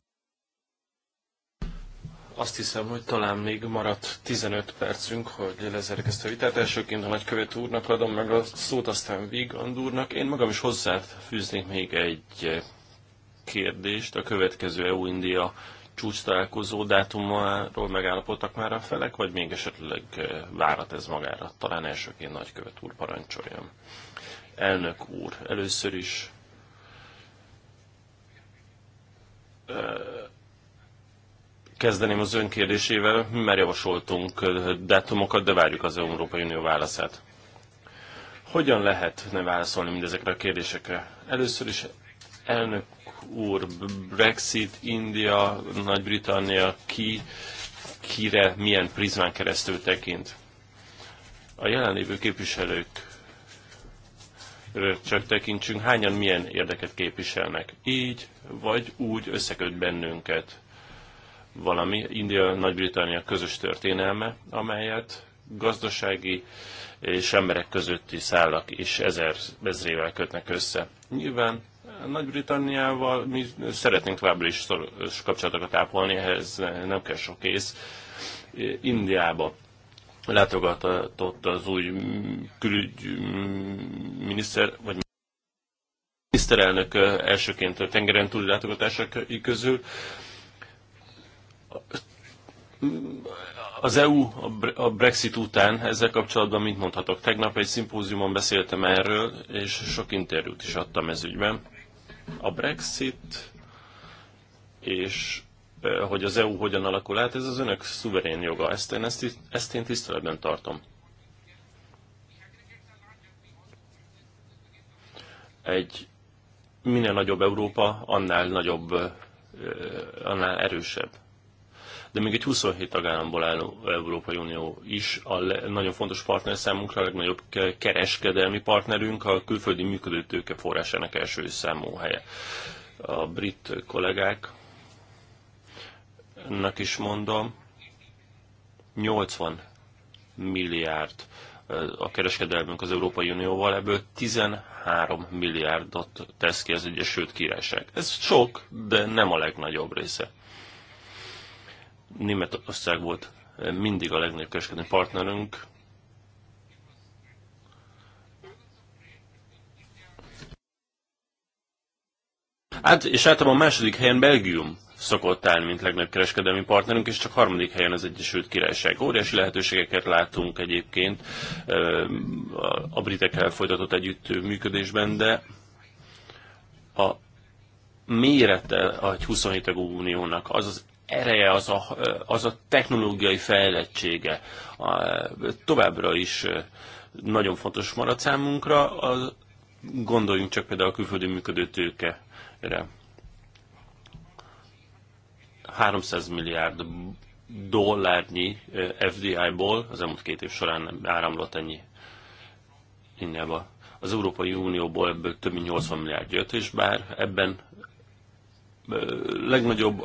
Azt hiszem, hogy talán még maradt 15 percünk, hogy lezerek ezt a vitát. Elsőként a nagykövet úrnak adom meg a szót, aztán Vigand úrnak. Én magam is hozzáfűznék még egy kérdést. A következő EU-India csúcs találkozó dátumáról megállapodtak már a felek, vagy még esetleg eh, várat ez magára? Talán elsőként nagykövet úr parancsoljam. Elnök úr, először is eh, Kezdeném az ön kérdésével, mi már javasoltunk dátumokat, de várjuk az Európai Unió válaszát. Hogyan lehetne válaszolni mindezekre a kérdésekre? Először is elnök úr, Brexit, India, Nagy-Britannia, ki, kire, milyen prizmán keresztül tekint? A jelenlévő képviselők csak tekintsünk, hányan milyen érdeket képviselnek. Így vagy úgy összeköt bennünket valami, India, Nagy-Britannia közös történelme, amelyet gazdasági és emberek közötti szállak is ezer, ezrével kötnek össze. Nyilván Nagy-Britanniával mi szeretnénk továbbra is szoros kapcsolatokat ápolni, ehhez nem kell sok ész. Indiába látogatott az új külügyminiszter, vagy miniszterelnök elsőként a tengeren túli látogatások közül az EU a Brexit után ezzel kapcsolatban mint mondhatok? Tegnap egy szimpóziumon beszéltem erről, és sok interjút is adtam ez ügyben. A Brexit és hogy az EU hogyan alakul át, ez az önök szuverén joga. Ezt én, ezt, ezt én tiszteletben tartom. Egy minél nagyobb Európa, annál nagyobb, annál erősebb de még egy 27 tagállamból álló Európai Unió is a le, nagyon fontos partner számunkra, a legnagyobb kereskedelmi partnerünk, a külföldi működő tőke forrásának első számú helye. A brit kollégáknak is mondom, 80 milliárd eh, a kereskedelmünk az Európai Unióval, ebből 13 milliárdot tesz ki az Egyesült Királyság. Ez sok, de nem a legnagyobb része. Németország volt eh, mindig a legnagyobb kereskedelmi partnerünk. Hát, és általában a második helyen Belgium szokott állni, mint legnagyobb kereskedelmi partnerünk, és csak harmadik helyen az Egyesült Királyság. Óriási lehetőségeket látunk egyébként eh, a britekkel folytatott együttműködésben, de a mérete a 27 uniónak az az ereje, az a, az a technológiai fejlettsége a, továbbra is nagyon fontos marad számunkra. A, gondoljunk csak például a külföldi működő tőkere. 300 milliárd dollárnyi FDI-ból az elmúlt két év során áramlott ennyi inkább az Európai Unióból ebből több mint 80 milliárd jött, és bár ebben legnagyobb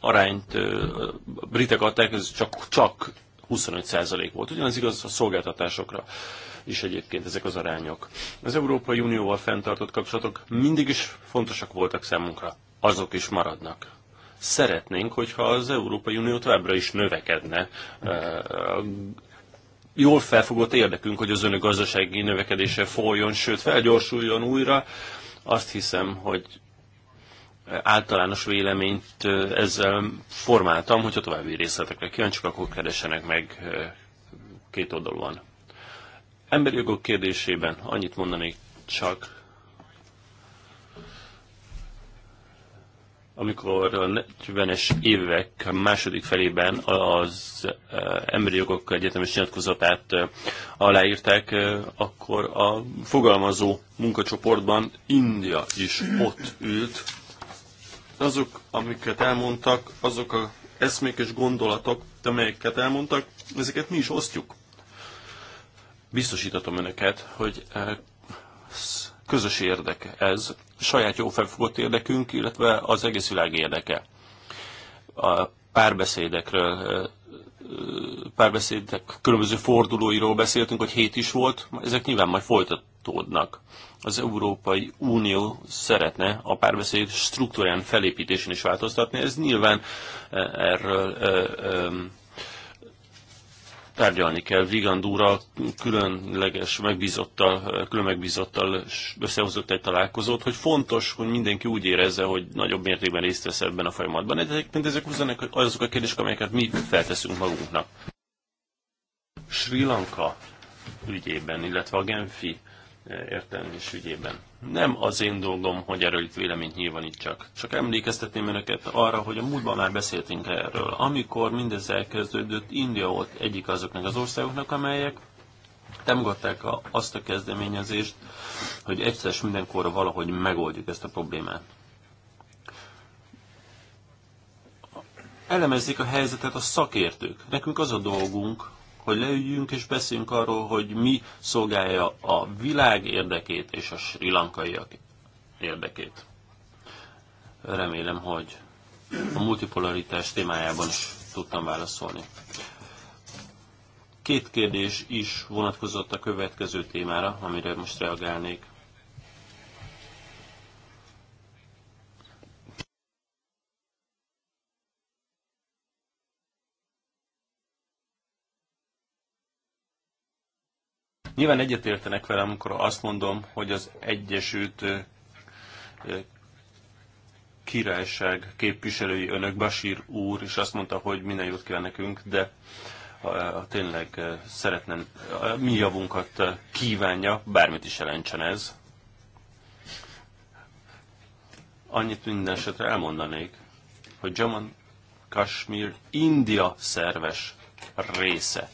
arányt a britek adták, ez csak, csak 25% volt. Ugyanaz igaz a szolgáltatásokra is egyébként ezek az arányok. Az Európai Unióval fenntartott kapcsolatok mindig is fontosak voltak számunkra. Azok is maradnak. Szeretnénk, hogyha az Európai Unió továbbra is növekedne. Jól felfogott érdekünk, hogy az önök gazdasági növekedése folyjon, sőt felgyorsuljon újra. Azt hiszem, hogy általános véleményt ezzel formáltam, hogyha további részletekre kíváncsiak, akkor keresenek meg két oldalon. Emberi jogok kérdésében annyit mondanék csak, amikor a 40-es évek második felében az emberi jogok egyetemes nyilatkozatát aláírták, akkor a fogalmazó munkacsoportban India is ott ült, azok, amiket elmondtak, azok a eszmék és gondolatok, amelyeket elmondtak, ezeket mi is osztjuk. Biztosítatom önöket, hogy e, közös érdek ez, saját jó felfogott érdekünk, illetve az egész világ érdeke. A párbeszédekről e, párbeszédek különböző fordulóiról beszéltünk, hogy hét is volt, ezek nyilván majd folytatódnak. Az Európai Unió szeretne a párbeszéd struktúrán felépítésén is változtatni, ez nyilván eh, erről eh, eh, tárgyalni kell Vigandúra különleges megbízottal, külön megbízottal összehozott egy találkozót, hogy fontos, hogy mindenki úgy érezze, hogy nagyobb mértékben részt vesz ebben a folyamatban. Egyébként ezek azok a kérdések, amelyeket mi felteszünk magunknak. Sri Lanka ügyében, illetve a Genfi értelmezés ügyében. Nem az én dolgom, hogy erről itt véleményt nyilvánítsak. Csak emlékeztetném önöket arra, hogy a múltban már beszéltünk erről. Amikor mindez elkezdődött, India volt egyik azoknak az országoknak, amelyek a azt a kezdeményezést, hogy egyszer és mindenkorra valahogy megoldjuk ezt a problémát. Elemezzék a helyzetet a szakértők. Nekünk az a dolgunk, hogy leüljünk és beszéljünk arról, hogy mi szolgálja a világ érdekét és a sri lankaiak érdekét. Remélem, hogy a multipolaritás témájában is tudtam válaszolni. Két kérdés is vonatkozott a következő témára, amire most reagálnék. Nyilván egyetértenek velem, amikor azt mondom, hogy az Egyesült Királyság képviselői önök, Basír úr, és azt mondta, hogy minden jót kíván nekünk, de tényleg szeretném, mi javunkat kívánja, bármit is jelentsen ez. Annyit minden esetre elmondanék, hogy Jaman Kashmir India szerves része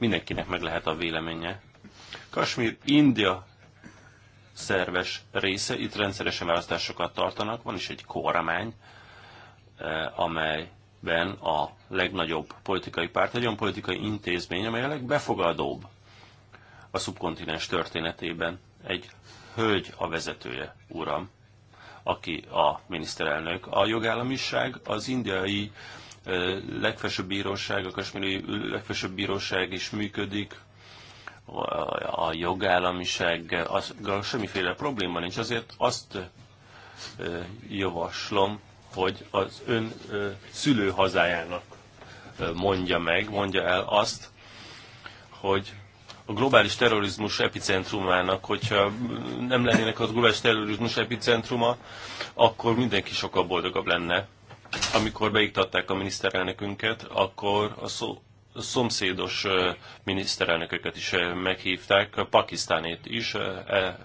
mindenkinek meg lehet a véleménye. Kasmír India szerves része, itt rendszeresen választásokat tartanak, van is egy kormány, eh, amelyben a legnagyobb politikai párt, egy olyan politikai intézmény, amely a legbefogadóbb a szubkontinens történetében. Egy hölgy a vezetője, uram, aki a miniszterelnök. A jogállamiság az indiai legfelsőbb bíróság, a kasmiri legfelsőbb bíróság is működik, a jogállamiság, az, semmiféle probléma nincs, azért azt javaslom, hogy az ön szülőhazájának hazájának mondja meg, mondja el azt, hogy a globális terrorizmus epicentrumának, hogyha nem lennének az globális terrorizmus epicentruma, akkor mindenki sokkal boldogabb lenne. Amikor beiktatták a miniszterelnökünket, akkor a szó, szomszédos miniszterelnököket is meghívták, Pakisztánét is, e,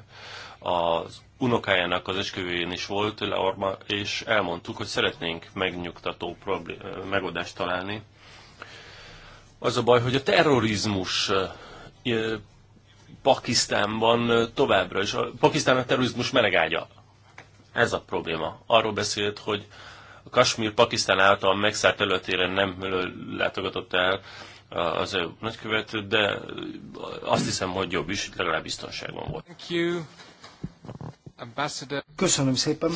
az unokájának az esküvőjén is volt, Leorma, és elmondtuk, hogy szeretnénk megnyugtató megoldást találni. Az a baj, hogy a terrorizmus Pakisztánban továbbra is, a Pakisztán a terrorizmus melegágya. Ez a probléma. Arról beszélt, hogy a Kasmír Pakisztán által megszállt területére nem látogatott el az ő nagykövet, de azt hiszem, hogy jobb is, legalább biztonságban volt. Thank you. Ambassador. Köszönöm szépen,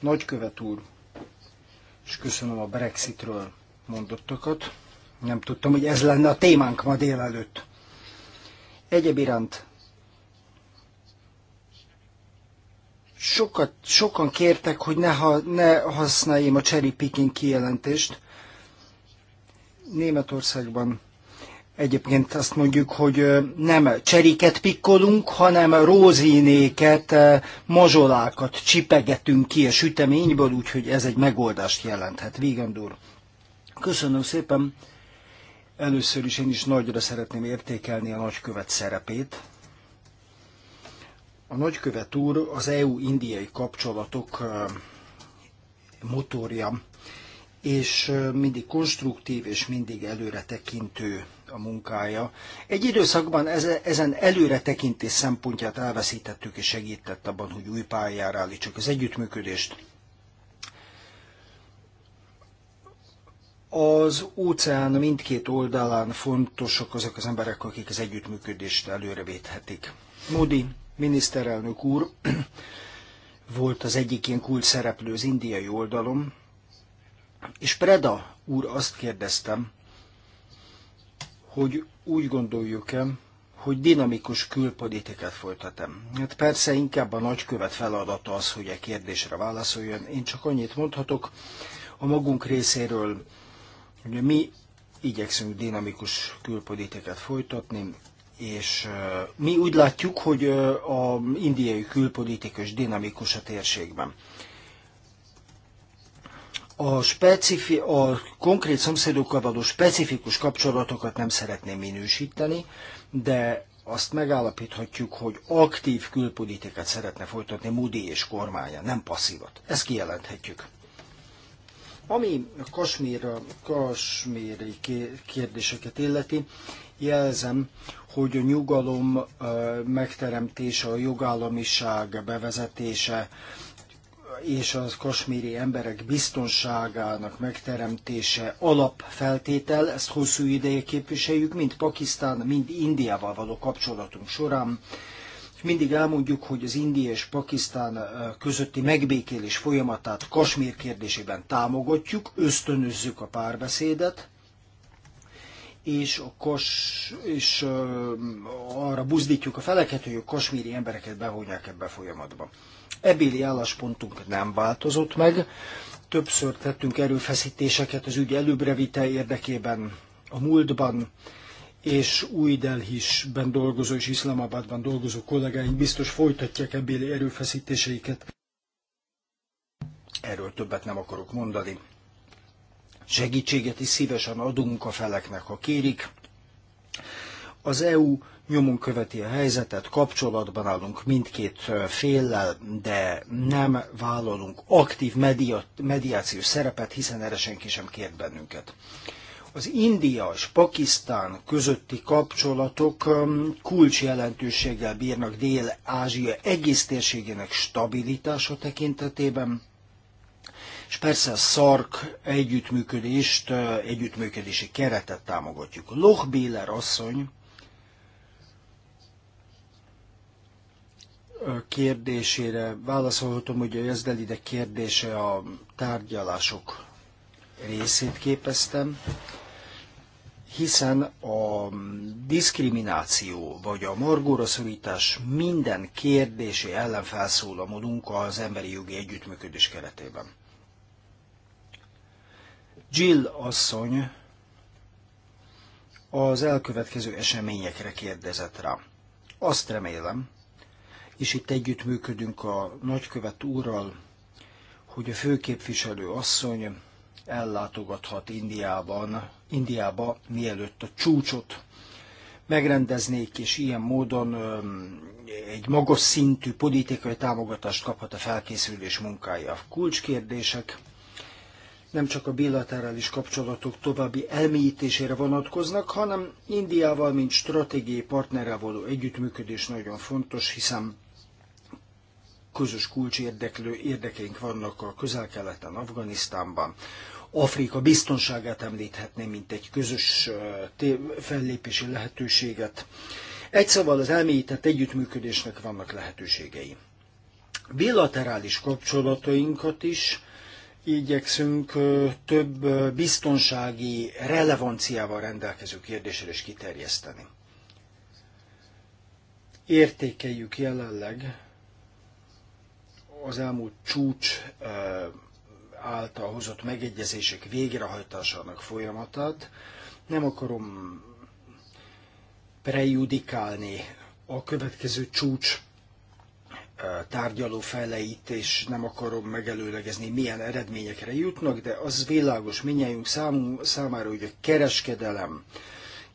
nagykövet úr, és köszönöm a Brexitről mondottakat. Nem tudtam, hogy ez lenne a témánk ma délelőtt. Egyéb iránt Sokat, sokan kértek, hogy ne, ha, ne használjam a cherry picking kijelentést. Németországban egyébként azt mondjuk, hogy nem cseriket pikkolunk, hanem rózinéket, mazsolákat csipegetünk ki a süteményből, úgyhogy ez egy megoldást jelenthet. Vígandur. Köszönöm szépen. Először is én is nagyra szeretném értékelni a nagykövet szerepét, a nagykövet úr az EU-indiai kapcsolatok motorja, és mindig konstruktív és mindig előretekintő a munkája. Egy időszakban ezen előretekintés szempontját elveszítettük, és segített abban, hogy új pályára állítsuk az együttműködést. Az óceán mindkét oldalán fontosak azok az emberek, akik az együttműködést előrevéthetik. Módi miniszterelnök úr volt az egyik ilyen kult szereplő az indiai oldalon, és Preda úr azt kérdeztem, hogy úgy gondoljuk-e, hogy dinamikus külpolitikát folytatom. Hát persze inkább a nagykövet feladata az, hogy a e kérdésre válaszoljon. Én csak annyit mondhatok a magunk részéről, hogy mi igyekszünk dinamikus külpolitikát folytatni, és mi úgy látjuk, hogy a indiai külpolitikus dinamikus a térségben. A, specifi, a konkrét szomszédokkal való specifikus kapcsolatokat nem szeretném minősíteni, de azt megállapíthatjuk, hogy aktív külpolitikát szeretne folytatni Moody és kormánya, nem passzívat. Ezt kijelenthetjük. Ami a Kasmír, kasmíri kérdéseket illeti, jelzem, hogy a nyugalom megteremtése, a jogállamiság bevezetése és az kasmíri emberek biztonságának megteremtése alapfeltétel, ezt hosszú ideje képviseljük, mind Pakisztán, mind Indiával való kapcsolatunk során. Mindig elmondjuk, hogy az India és Pakisztán közötti megbékélés folyamatát Kasmír kérdésében támogatjuk, ösztönözzük a párbeszédet, és, a kos és arra buzdítjuk a feleket, hogy a kosmíri embereket bevonják ebbe a folyamatba. Ebéli álláspontunk nem változott meg, többször tettünk erőfeszítéseket az ügy előbrevite érdekében a múltban, és új Delhisben dolgozó és Iszlamabadban dolgozó kollégáink biztos folytatják ebbéli erőfeszítéseiket. Erről többet nem akarok mondani segítséget is szívesen adunk a feleknek, ha kérik. Az EU nyomon követi a helyzetet, kapcsolatban állunk mindkét féllel, de nem vállalunk aktív media, mediációs szerepet, hiszen erre senki sem kért bennünket. Az India és Pakisztán közötti kapcsolatok kulcsjelentőséggel bírnak Dél-Ázsia egész térségének stabilitása tekintetében, és persze a szark együttműködést, együttműködési keretet támogatjuk. Loch Béler asszony kérdésére válaszolhatom, hogy a Jezdelide kérdése a tárgyalások részét képeztem, hiszen a diszkrimináció vagy a margóra szorítás minden kérdési ellen felszólamodunk az emberi jogi együttműködés keretében. Jill asszony az elkövetkező eseményekre kérdezett rá. Azt remélem, és itt együttműködünk a nagykövet úrral, hogy a főképviselő asszony ellátogathat Indiában, Indiába, mielőtt a csúcsot megrendeznék, és ilyen módon egy magas szintű politikai támogatást kaphat a felkészülés munkája. Kulcskérdések nem csak a bilaterális kapcsolatok további elmélyítésére vonatkoznak, hanem Indiával, mint stratégiai partnerrel való együttműködés nagyon fontos, hiszen közös érdeklő érdekeink vannak a közel-keleten, Afganisztánban. Afrika biztonságát említhetném, mint egy közös fellépési lehetőséget. Egy szóval az elmélyített együttműködésnek vannak lehetőségei. Bilaterális kapcsolatainkat is igyekszünk több biztonsági relevanciával rendelkező kérdésre is kiterjeszteni. Értékeljük jelenleg az elmúlt csúcs által hozott megegyezések végrehajtásának folyamatát. Nem akarom prejudikálni a következő csúcs tárgyaló feleit, és nem akarom megelőlegezni, milyen eredményekre jutnak, de az világos minnyájunk számára, hogy a kereskedelem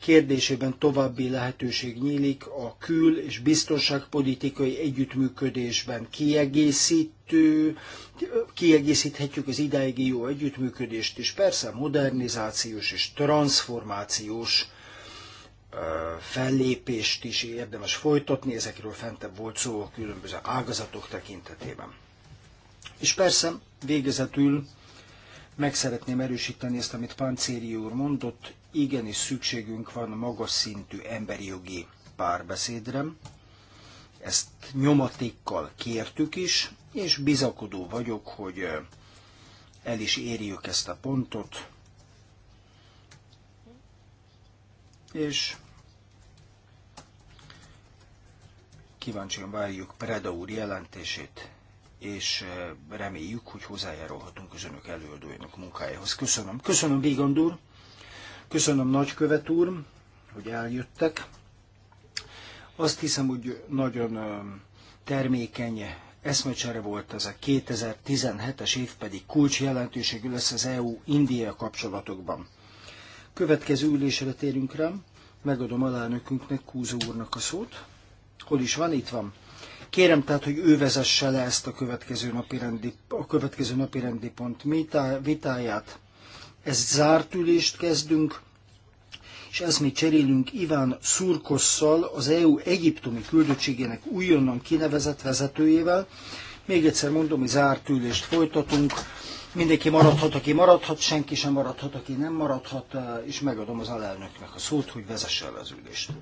kérdésében további lehetőség nyílik a kül- és biztonságpolitikai együttműködésben kiegészítő, kiegészíthetjük az idáigi jó együttműködést, és persze modernizációs és transformációs fellépést is érdemes folytatni, ezekről fentebb volt szó a különböző ágazatok tekintetében. És persze, végezetül meg szeretném erősíteni ezt, amit Pancéri úr mondott, igenis szükségünk van magas szintű emberi jogi párbeszédre, ezt nyomatékkal kértük is, és bizakodó vagyok, hogy el is érjük ezt a pontot, és kíváncsian várjuk Preda úr jelentését, és eh, reméljük, hogy hozzájárulhatunk az önök előadóinak munkájához. Köszönöm. Köszönöm, Bégand úr. Köszönöm, nagykövet úr, hogy eljöttek. Azt hiszem, hogy nagyon eh, termékeny eszmecsere volt ez a 2017-es év pedig kulcsjelentőségű jelentőségű lesz az EU-India kapcsolatokban következő ülésre térünk rám. Megadom alelnökünknek, Kúzó úrnak a szót. Hol is van? Itt van. Kérem tehát, hogy ő vezesse le ezt a következő napi rendi, a következő napi rendi pont vitáját. Ez zárt ülést kezdünk, és ezt mi cserélünk Iván Szurkosszal, az EU egyiptomi küldöttségének újonnan kinevezett vezetőjével. Még egyszer mondom, hogy zárt ülést folytatunk. Mindenki maradhat, aki maradhat, senki sem maradhat, aki nem maradhat, eh, és megadom az alelnöknek a szót, hogy vezesse el az ülést.